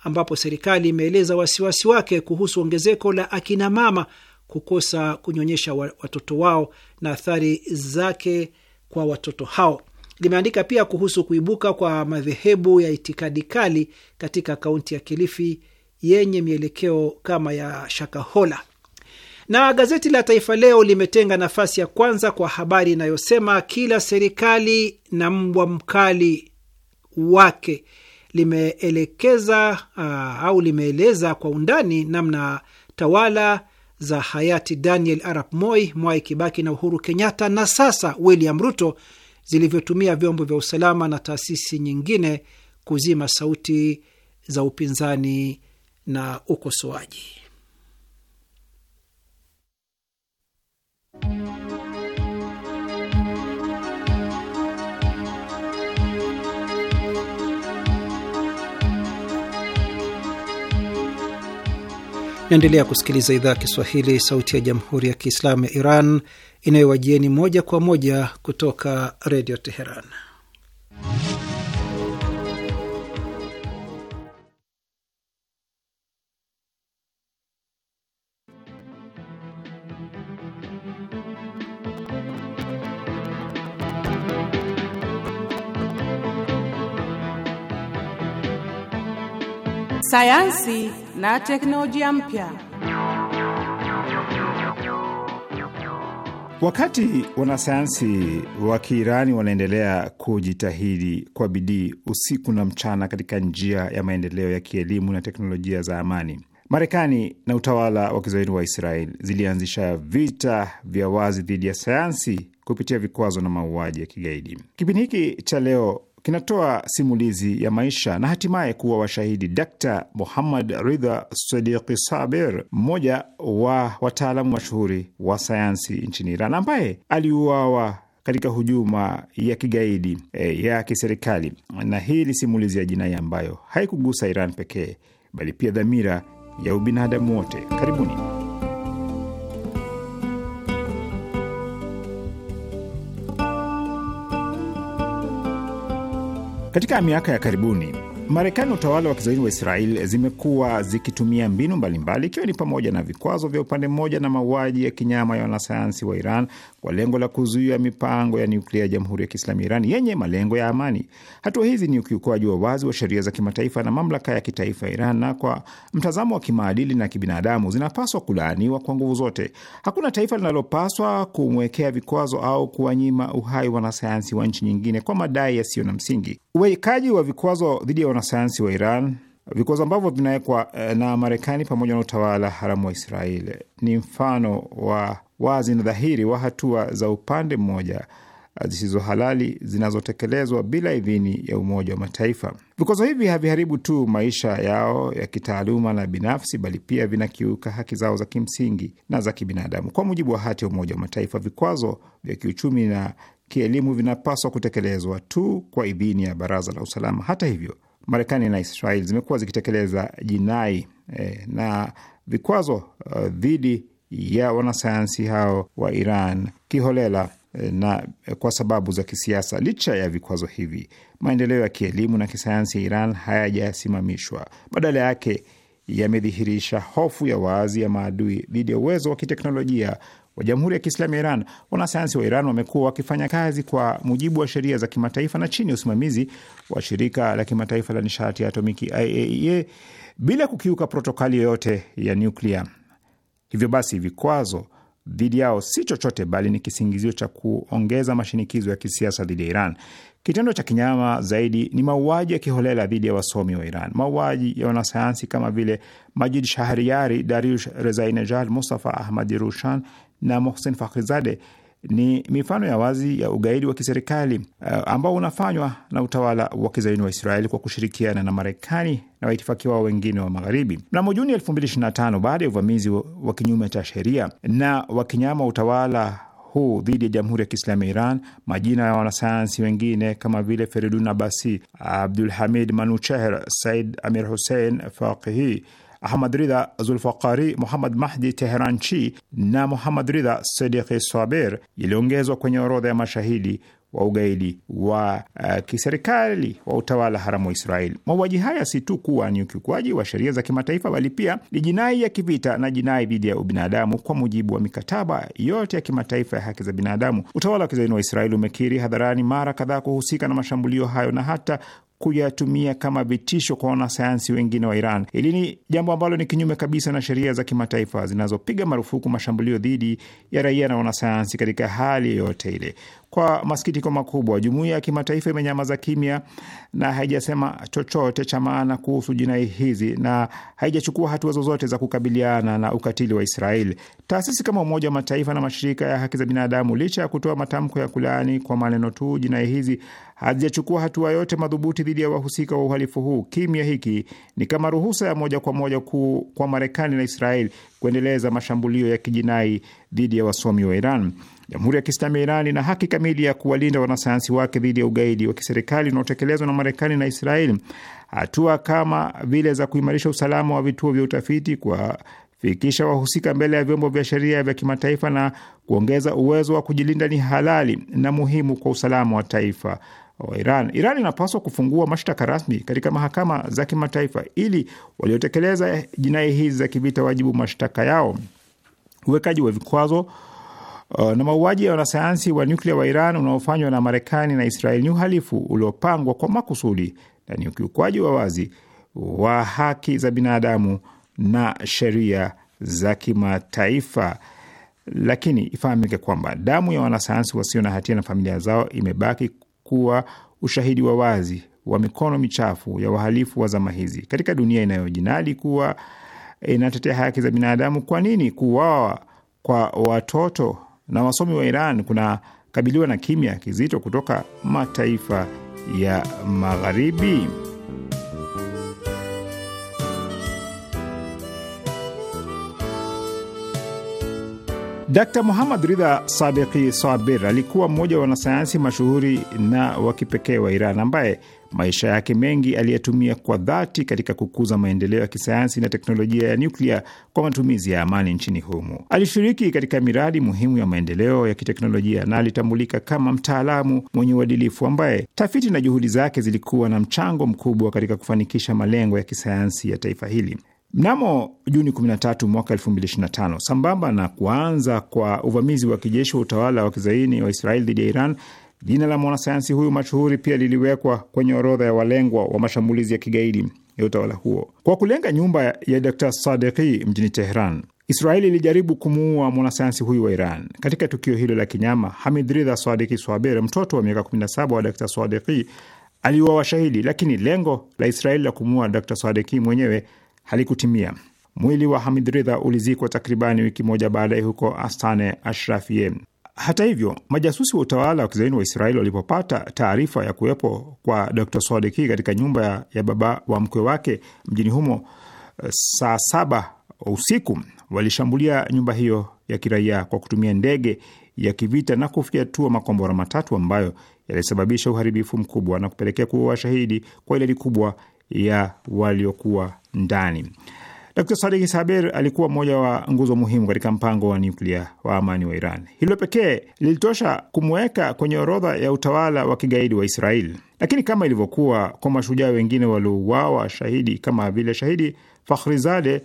Speaker 1: ambapo serikali imeeleza wasiwasi wake kuhusu ongezeko la akinamama kukosa kunyonyesha watoto wao na athari zake kwa watoto hao limeandika pia kuhusu kuibuka kwa madhehebu ya itikadi kali katika kaunti ya Kilifi yenye mielekeo kama ya Shakahola. Na gazeti la Taifa Leo limetenga nafasi ya kwanza kwa habari inayosema kila serikali na mbwa mkali wake. Limeelekeza uh, au limeeleza kwa undani namna tawala za hayati Daniel Arap Moi, Mwai Kibaki na Uhuru Kenyatta na sasa William Ruto zilivyotumia vyombo vya usalama na taasisi nyingine kuzima sauti za upinzani na ukosoaji. Naendelea kusikiliza idhaa ya Kiswahili, sauti ya jamhuri ya kiislamu ya Iran inayowajieni moja kwa moja kutoka redio Teheran.
Speaker 5: Sayansi na teknolojia mpya.
Speaker 3: Wakati wanasayansi wa Kiirani wanaendelea kujitahidi kwa bidii usiku na mchana katika njia ya maendeleo ya kielimu na teknolojia za amani, Marekani na utawala wa kizayuni wa israel zilianzisha vita vya wazi dhidi ya sayansi kupitia vikwazo na mauaji ya kigaidi. Kipindi hiki cha leo kinatoa simulizi ya maisha na hatimaye kuwa washahidi Dkt Muhammad Ridha Sadiki saber mmoja wa wataalamu mashuhuri wa sayansi nchini Iran ambaye aliuawa katika hujuma ya kigaidi e, ya kiserikali. Na hii ni simulizi ya jinai ambayo haikugusa Iran pekee, bali pia dhamira ya ubinadamu wote. Karibuni. Katika miaka ya karibuni Marekani na utawala wa kizaini wa Israel zimekuwa zikitumia mbinu mbalimbali ikiwa mbali, ni pamoja na vikwazo vya upande mmoja na mauaji ya kinyama ya wanasayansi wa Iran kwa lengo la kuzuia mipango ya nyuklia ya Jamhuri ya Kiislamu ya Iran yenye malengo ya amani. Hatua hizi ni ukiukaji wa wazi wa sheria za kimataifa na mamlaka ya kitaifa ya Iran, na kwa mtazamo wa kimaadili na kibinadamu zinapaswa kulaaniwa kwa nguvu zote. Hakuna taifa linalopaswa kumwekea vikwazo au kuwanyima uhai wanasayansi wa nchi nyingine kwa madai yasiyo na msingi. Uwekaji wa vikwazo dhidi ya wanasayansi wa Iran, vikwazo ambavyo vinawekwa eh, na Marekani pamoja na utawala haramu wa Israeli ni mfano wa wazi na dhahiri wa hatua za upande mmoja eh, zisizo halali zinazotekelezwa bila idhini ya Umoja wa Mataifa. Vikwazo hivi haviharibu tu maisha yao ya kitaaluma na binafsi, bali pia vinakiuka haki zao za kimsingi na za kibinadamu. Kwa mujibu wa hati ya Umoja wa Mataifa, vikwazo vya kiuchumi na kielimu vinapaswa kutekelezwa tu kwa idhini ya Baraza la Usalama. Hata hivyo, Marekani na Israel zimekuwa zikitekeleza jinai eh, na vikwazo uh, dhidi ya wanasayansi hao wa Iran kiholela eh, na kwa sababu za kisiasa. Licha ya vikwazo hivi, maendeleo ya kielimu na kisayansi ya Iran hayajasimamishwa, badala yake yamedhihirisha hofu ya wazi ya maadui dhidi ya uwezo wa kiteknolojia wa Jamhuri ya Kiislamu ya Iran. Wanasayansi wa Iran wamekuwa wakifanya kazi kwa mujibu wa sheria za kimataifa na chini ya usimamizi wa shirika la kimataifa la nishati ya atomiki IAEA e bila kukiuka protokali yoyote ya nyuklia. Hivyo basi, vikwazo dhidi yao si chochote bali ni kisingizio cha kuongeza mashinikizo ya kisiasa dhidi ya Iran. Kitendo cha kinyama zaidi ni mauaji ya kiholela dhidi ya wasomi wa Iran. Mauaji ya wanasayansi kama vile Majid Shahriari, Dariush Rezainejad, Mustafa Ahmadi Rushan na Mohsen Fakhrizade ni mifano ya wazi ya ugaidi wa kiserikali uh, ambao unafanywa na utawala wa kizayuni wa Israeli kwa kushirikiana na Marekani na waitifaki wao wengine wa Magharibi. Mnamo Juni 2025 baada ya uvamizi wa kinyume cha sheria na wakinyama wa utawala huu dhidi ya Jamhuri ya Kiislamu ya Iran, majina ya wanasayansi wengine kama vile Feridun Abasi, Abdul Hamid Manuchehr, Said Amir Hussein Faqihi Ahmad Ridha Zulfaqari, Muhammad Mahdi Teheranchi na Muhammad Ridha Sediki Swaber iliongezwa kwenye orodha ya mashahidi wa ugaidi wa uh, kiserikali wa utawala haramu wa Israeli. Mauaji haya si tu kuwa ni ukiukwaji wa sheria za kimataifa, bali pia ni jinai ya kivita na jinai dhidi ya ubinadamu kwa mujibu wa mikataba yote ya kimataifa ya haki za binadamu. Utawala wa kizaini wa Israeli umekiri hadharani mara kadhaa kuhusika na mashambulio hayo na hata kuyatumia kama vitisho kwa wanasayansi wengine wa Iran. Hili ni jambo ambalo ni kinyume kabisa na sheria za kimataifa zinazopiga marufuku mashambulio dhidi ya raia na wanasayansi katika hali yoyote ile. Kwa masikitiko makubwa, jumuiya ya kimataifa imenyamaza kimya na haijasema chochote cha maana kuhusu jinai hizi na haijachukua hatua zozote za kukabiliana na ukatili wa Israeli. Taasisi kama Umoja wa Mataifa na mashirika ya haki za binadamu, licha ya kutoa matamko ya kulaani kwa maneno tu jinai hizi, hazijachukua hatua yote madhubuti dhidi ya wahusika wa uhalifu huu. Kimya hiki ni kama ruhusa ya moja kwa moja ku, kwa Marekani na Israeli kuendeleza mashambulio ya kijinai dhidi ya wasomi wa Iran. Jamhuri ya Kiislamu ya Iran ina haki kamili ya kuwalinda wanasayansi wake dhidi ya ugaidi wa kiserikali unaotekelezwa na Marekani na Israeli. Hatua kama vile za kuimarisha usalama wa vituo vya utafiti, kuwafikisha wahusika mbele ya vyombo vya sheria vya kimataifa na kuongeza uwezo wa kujilinda ni halali na muhimu kwa usalama wa taifa wa Iran. Iran inapaswa kufungua mashtaka rasmi katika mahakama za kimataifa ili waliotekeleza jinai hizi za kivita wajibu mashtaka yao. Uwekaji wa vikwazo Uh, na mauaji ya wanasayansi wa nyuklia wa Iran unaofanywa na Marekani na Israeli ni uhalifu uliopangwa kwa makusudi na ni ukiukwaji wa wazi wa haki za binadamu na sheria za kimataifa. Lakini ifahamike kwamba damu ya wanasayansi wasio na hatia na familia zao imebaki kuwa ushahidi wa wazi wa mikono michafu ya wahalifu wa zama hizi katika dunia inayojinadi kuwa inatetea haki za binadamu. Kwa nini kuuawa kwa watoto na wasomi wa Iran kunakabiliwa na kimya kizito kutoka mataifa ya Magharibi. Dkt Muhammad Ridha Sadiki Sabir alikuwa mmoja wa wanasayansi mashuhuri na wa kipekee wa Iran ambaye Maisha yake mengi aliyetumia kwa dhati katika kukuza maendeleo ya kisayansi na teknolojia ya nyuklia kwa matumizi ya amani nchini humo. Alishiriki katika miradi muhimu ya maendeleo ya kiteknolojia na alitambulika kama mtaalamu mwenye uadilifu ambaye tafiti na juhudi zake zilikuwa na mchango mkubwa katika kufanikisha malengo ya kisayansi ya taifa hili. Mnamo Juni 13 mwaka 2025, sambamba na kuanza kwa uvamizi wa kijeshi wa utawala wa kizaini wa Israeli dhidi ya Iran, Jina la mwanasayansi huyu mashuhuri pia liliwekwa kwenye orodha ya walengwa wa mashambulizi ya kigaidi ya utawala huo kwa kulenga nyumba ya Dr Sadiki mjini Teheran. Israeli ilijaribu kumuua mwanasayansi huyu wa Iran. Katika tukio hilo la kinyama, Hamid Ridha sadiki Swaber, mtoto wa miaka 17 wa Dr Swadiki, aliuawa washahidi, lakini lengo la Israeli la kumuua Dr sadiki mwenyewe halikutimia. Mwili wa Hamid Ridha ulizikwa takribani wiki moja baadaye huko Astane Ashrafie hata hivyo, majasusi wa utawala wa kizaini wa Israeli walipopata taarifa ya kuwepo kwa Dr Swadeki katika nyumba ya baba wa mkwe wake mjini humo eh, saa saba usiku, walishambulia nyumba hiyo ya kiraia kwa kutumia ndege ya kivita na kufyatua makombora matatu ambayo yalisababisha uharibifu mkubwa na kupelekea kuwa washahidi kwa idadi kubwa ya waliokuwa ndani. Dr Sadik Saber alikuwa mmoja wa nguzo muhimu katika mpango wa nyuklia wa amani wa Iran. Hilo pekee lilitosha kumweka kwenye orodha ya utawala wa kigaidi wa israel Lakini kama ilivyokuwa kwa mashujaa wengine waliouawa shahidi kama vile shahidi Fakhrizade e,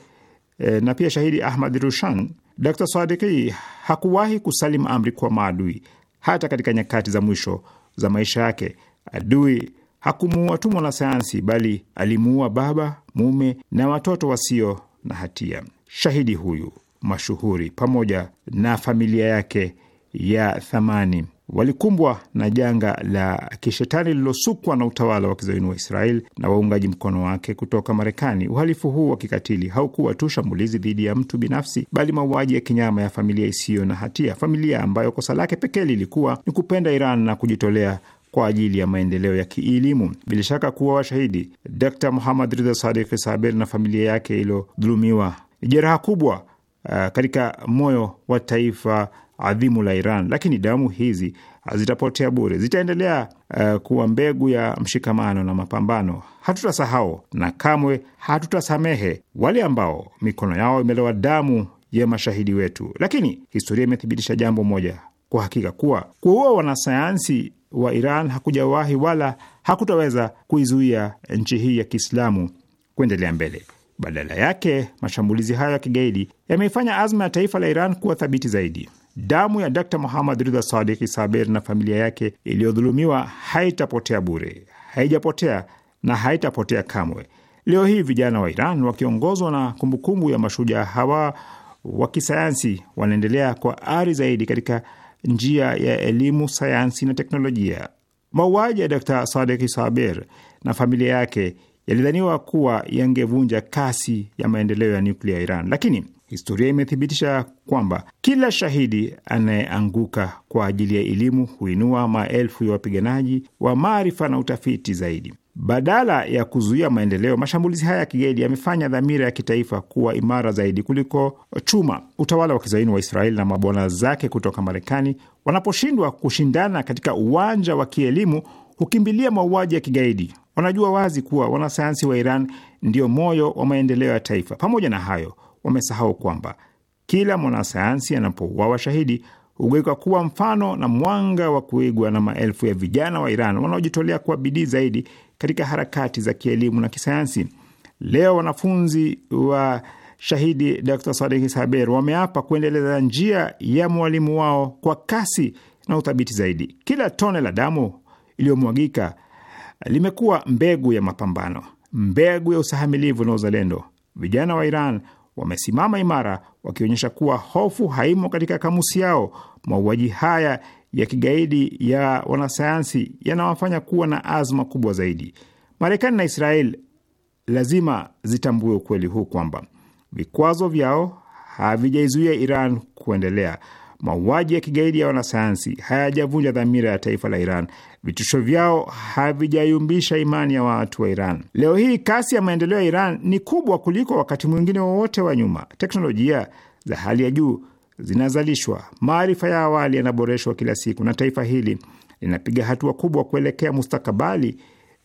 Speaker 3: eh, na pia shahidi Ahmad Rushan, Dr Sadiki hakuwahi kusalim amri kwa maadui, hata katika nyakati za mwisho za maisha yake. Adui Hakumuua tu mwanasayansi, bali alimuua baba, mume na watoto wasio na hatia. Shahidi huyu mashuhuri pamoja na familia yake ya thamani walikumbwa na janga la kishetani lililosukwa na utawala wa kizayuni wa Israel na waungaji mkono wake kutoka Marekani. Uhalifu huu wa kikatili haukuwa tu shambulizi dhidi ya mtu binafsi, bali mauaji ya kinyama ya familia isiyo na hatia, familia ambayo kosa lake pekee lilikuwa ni kupenda Iran na kujitolea kwa ajili ya maendeleo ya kielimu. Bila shaka kuwa washahidi d Muhamad Ridha Sadiki Sabel na familia yake iliyodhulumiwa jeraha kubwa uh, katika moyo wa taifa adhimu la Iran, lakini damu hizi hazitapotea bure, zitaendelea uh, kuwa mbegu ya mshikamano na mapambano. Hatutasahau na kamwe hatutasamehe wale ambao mikono yao imelewa damu ya mashahidi wetu. Lakini historia imethibitisha jambo moja kwa hakika, kuwa kuua wanasayansi wa Iran hakujawahi wala hakutaweza kuizuia nchi hii ya Kiislamu kuendelea mbele. Badala yake, mashambulizi hayo ya kigaidi yameifanya azma ya taifa la Iran kuwa thabiti zaidi. Damu ya Dr Muhammad Ridha Sadiki Saber na familia yake iliyodhulumiwa haitapotea bure, haijapotea na haitapotea kamwe. Leo hii vijana wa Iran wakiongozwa na kumbukumbu ya mashujaa hawa wa kisayansi wanaendelea kwa ari zaidi katika njia ya elimu, sayansi na teknolojia. Mauaji ya Dr Sadek Saber na familia yake yalidhaniwa kuwa yangevunja kasi ya maendeleo ya nyuklia ya Iran, lakini historia imethibitisha kwamba kila shahidi anayeanguka kwa ajili ya elimu huinua maelfu ya wapiganaji wa maarifa na utafiti zaidi. Badala ya kuzuia maendeleo, mashambulizi haya ya kigaidi yamefanya dhamira ya kitaifa kuwa imara zaidi kuliko chuma. Utawala wa kizaini wa Israeli na mabwana zake kutoka Marekani wanaposhindwa kushindana katika uwanja wa kielimu, hukimbilia mauaji ya kigaidi. Wanajua wazi kuwa wanasayansi wa Iran ndio moyo wa maendeleo ya taifa. Pamoja na hayo, wamesahau kwamba kila mwanasayansi anapouawa shahidi hugeuka kuwa mfano na mwanga wa kuigwa na maelfu ya vijana wa Iran wanaojitolea kwa bidii zaidi katika harakati za kielimu na kisayansi. Leo wanafunzi wa shahidi Dr Sadiki Saber wameapa kuendeleza njia ya mwalimu wao kwa kasi na uthabiti zaidi. Kila tone la damu iliyomwagika limekuwa mbegu ya mapambano, mbegu ya usahamilivu na uzalendo. Vijana wa Iran wamesimama imara wakionyesha kuwa hofu haimo katika kamusi yao. Mauaji haya ya kigaidi ya wanasayansi yanawafanya kuwa na azma kubwa zaidi. Marekani na Israel lazima zitambue ukweli huu kwamba vikwazo vyao havijaizuia Iran kuendelea. Mauaji ya kigaidi ya wanasayansi hayajavunja dhamira ya taifa la Iran vitisho vyao havijayumbisha imani ya watu wa Iran. Leo hii kasi ya maendeleo ya Iran ni kubwa kuliko wakati mwingine wowote wa nyuma. Teknolojia za hali ya juu zinazalishwa, maarifa ya awali yanaboreshwa kila siku, na taifa hili linapiga hatua kubwa kuelekea mustakabali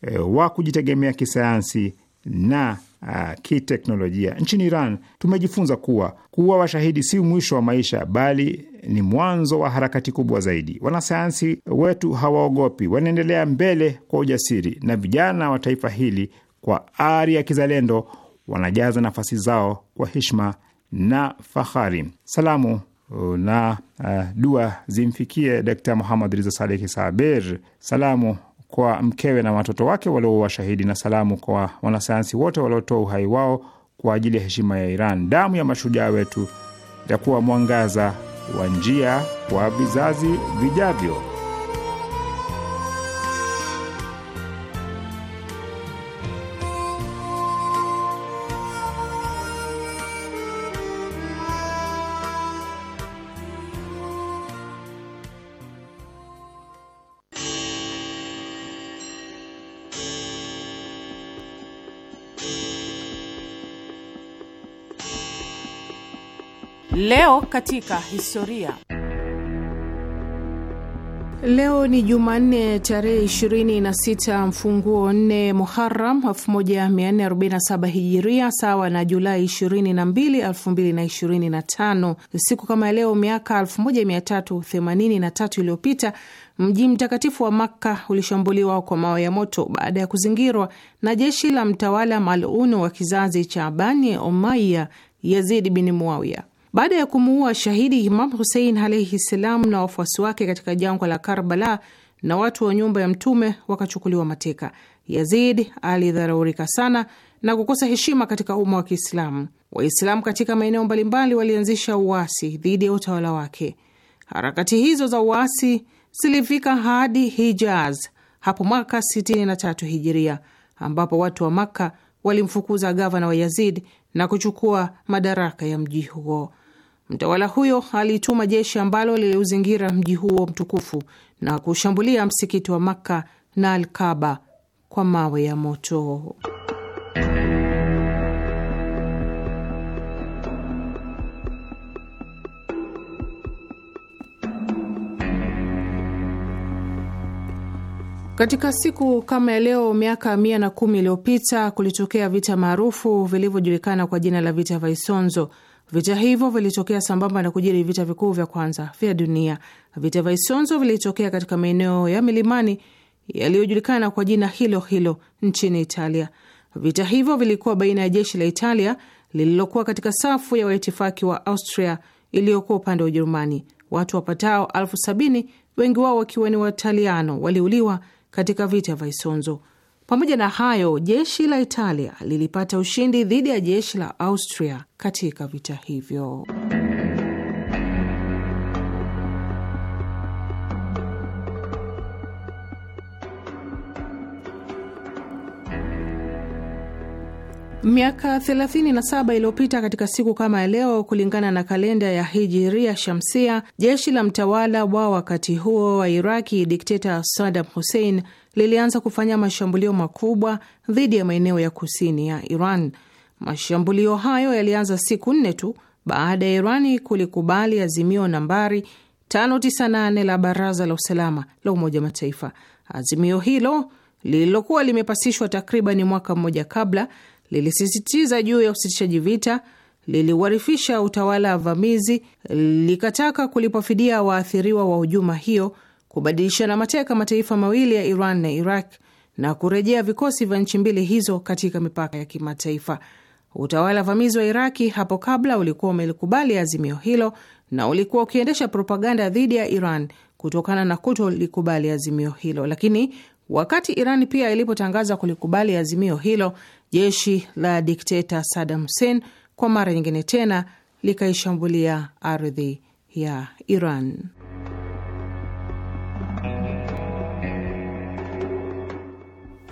Speaker 3: e, wa kujitegemea kisayansi na a, ah, kiteknolojia. Nchini Iran tumejifunza kuwa kuwa washahidi si mwisho wa maisha, bali ni mwanzo wa harakati kubwa zaidi. Wanasayansi wetu hawaogopi, wanaendelea mbele kwa ujasiri, na vijana wa taifa hili kwa ari ya kizalendo wanajaza nafasi zao kwa heshima na fahari. Salamu uh, na uh, dua zimfikie Dkt. Muhamad Riza Saleh Saber. Salamu kwa mkewe na watoto wake waliowashahidi, na salamu kwa wanasayansi wote waliotoa uhai wao kwa ajili ya heshima ya Iran. Damu ya mashujaa wetu kuwa mwangaza wa njia kwa vizazi vijavyo.
Speaker 5: Leo katika historia. Leo ni Jumanne tarehe 26 mfunguo 4 Muharam 1447 Hijiria, sawa na Julai 22, 2025. Siku kama leo miaka 1383 iliyopita mji mtakatifu wa Makka ulishambuliwa kwa mawe ya moto baada ya kuzingirwa na jeshi la mtawala malunu wa kizazi cha Bani Omaya, Yazidi bin Muawiya. Baada ya kumuua shahidi Imam Husein alaihi ssalam na wafuasi wake katika jangwa la Karbala, na watu wa nyumba ya Mtume wakachukuliwa mateka, Yazid alidharaurika sana na kukosa heshima katika umma wa Kiislamu. Waislamu katika maeneo mbalimbali walianzisha uasi dhidi ya utawala wake. Harakati hizo za uasi zilifika hadi Hijaz hapo mwaka 63 Hijiria, ambapo watu wa Makka walimfukuza gavana wa Yazid na kuchukua madaraka ya mji huo. Mtawala huyo aliituma jeshi ambalo liliuzingira mji huo mtukufu na kushambulia msikiti wa Makka na Alkaba kwa mawe ya moto. Katika siku kama ya leo miaka mia na kumi iliyopita kulitokea vita maarufu vilivyojulikana kwa jina la vita vya Isonzo Vita hivyo vilitokea sambamba na kujiri vita vikuu vya kwanza vya dunia. Vita vya Isonzo vilitokea katika maeneo ya milimani yaliyojulikana kwa jina hilo hilo nchini Italia. Vita hivyo vilikuwa baina ya jeshi la Italia lililokuwa katika safu ya waitifaki wa Austria iliyokuwa upande wa Ujerumani. Watu wapatao elfu sabini, wengi wao wakiwa ni Wataliano, waliuliwa katika vita vya Isonzo. Pamoja na hayo, jeshi la Italia lilipata ushindi dhidi ya jeshi la Austria katika vita hivyo. Miaka 37 iliyopita katika siku kama ya leo, kulingana na kalenda ya Hijiria Shamsia, jeshi la mtawala wa wakati huo wa Iraki, dikteta Saddam Hussein lilianza kufanya mashambulio makubwa dhidi ya maeneo ya kusini ya Iran. Mashambulio hayo yalianza siku nne tu baada ya Irani kulikubali azimio nambari 598 la Baraza la Usalama la Umoja wa Mataifa. Azimio hilo lililokuwa limepasishwa takriban mwaka mmoja kabla lilisisitiza juu ya usitishaji vita, liliwarifisha utawala wa vamizi, likataka kulipofidia waathiriwa wa hujuma hiyo kubadilishana mateka mataifa mawili ya Iran na Iraq na kurejea vikosi vya nchi mbili hizo katika mipaka ya kimataifa. Utawala vamizi wa Iraki hapo kabla ulikuwa umelikubali azimio hilo na ulikuwa ukiendesha propaganda dhidi ya Iran kutokana na kutolikubali azimio hilo, lakini wakati Iran pia ilipotangaza kulikubali azimio hilo, jeshi la dikteta Saddam Hussein kwa mara nyingine tena likaishambulia ardhi ya Iran.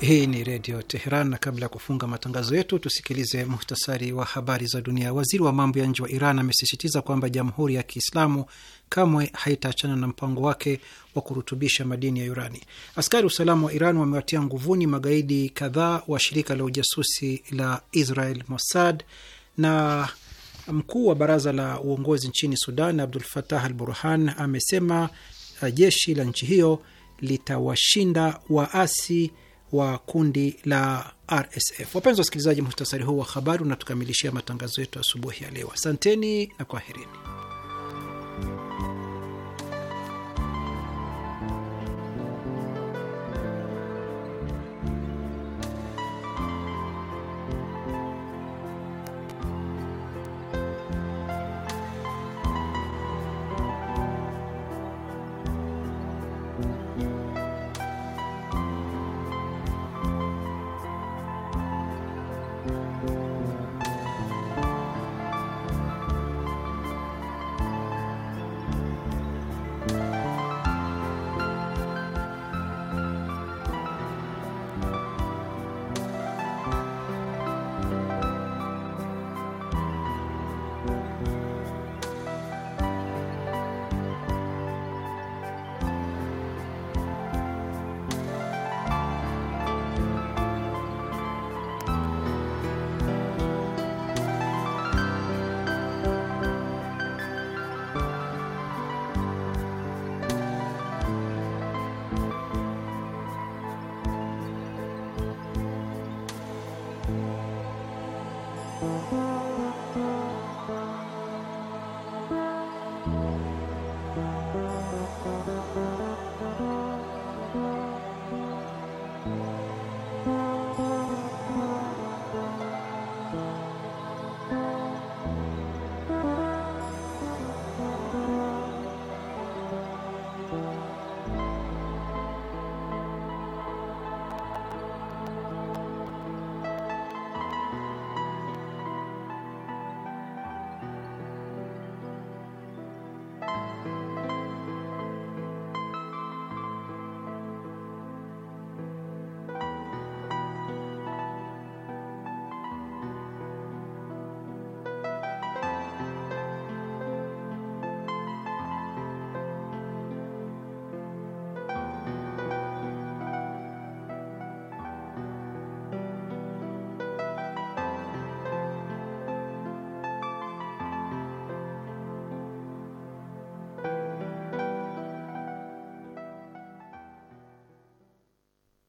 Speaker 1: Hii ni Redio Teheran, na kabla ya kufunga matangazo yetu tusikilize muhtasari wa habari za dunia. Waziri wa mambo ya nje wa Iran amesisitiza kwamba Jamhuri ya Kiislamu kamwe haitaachana na mpango wake wa kurutubisha madini ya urani. Askari usalama wa Iran wamewatia nguvuni magaidi kadhaa wa shirika la ujasusi la Israel Mossad. Na mkuu wa baraza la uongozi nchini Sudan Abdul Fatah Al Burhan amesema jeshi la nchi hiyo litawashinda waasi wa kundi la RSF. Wapenzi wa wasikilizaji, muhtasari huu wa habari unatukamilishia matangazo yetu asubuhi ya leo. Asanteni na kwaherini.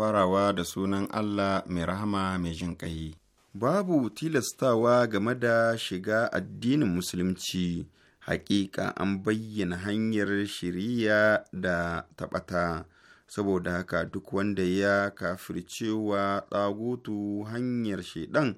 Speaker 3: farawa da sunan Allah mai rahama mai jin ƙai. Babu tilastawa game da shiga addinin Musulunci, hakika an bayyana hanyar shiriya da taɓata, saboda haka duk wanda ya kafircewa tsagutu hanyar shaidan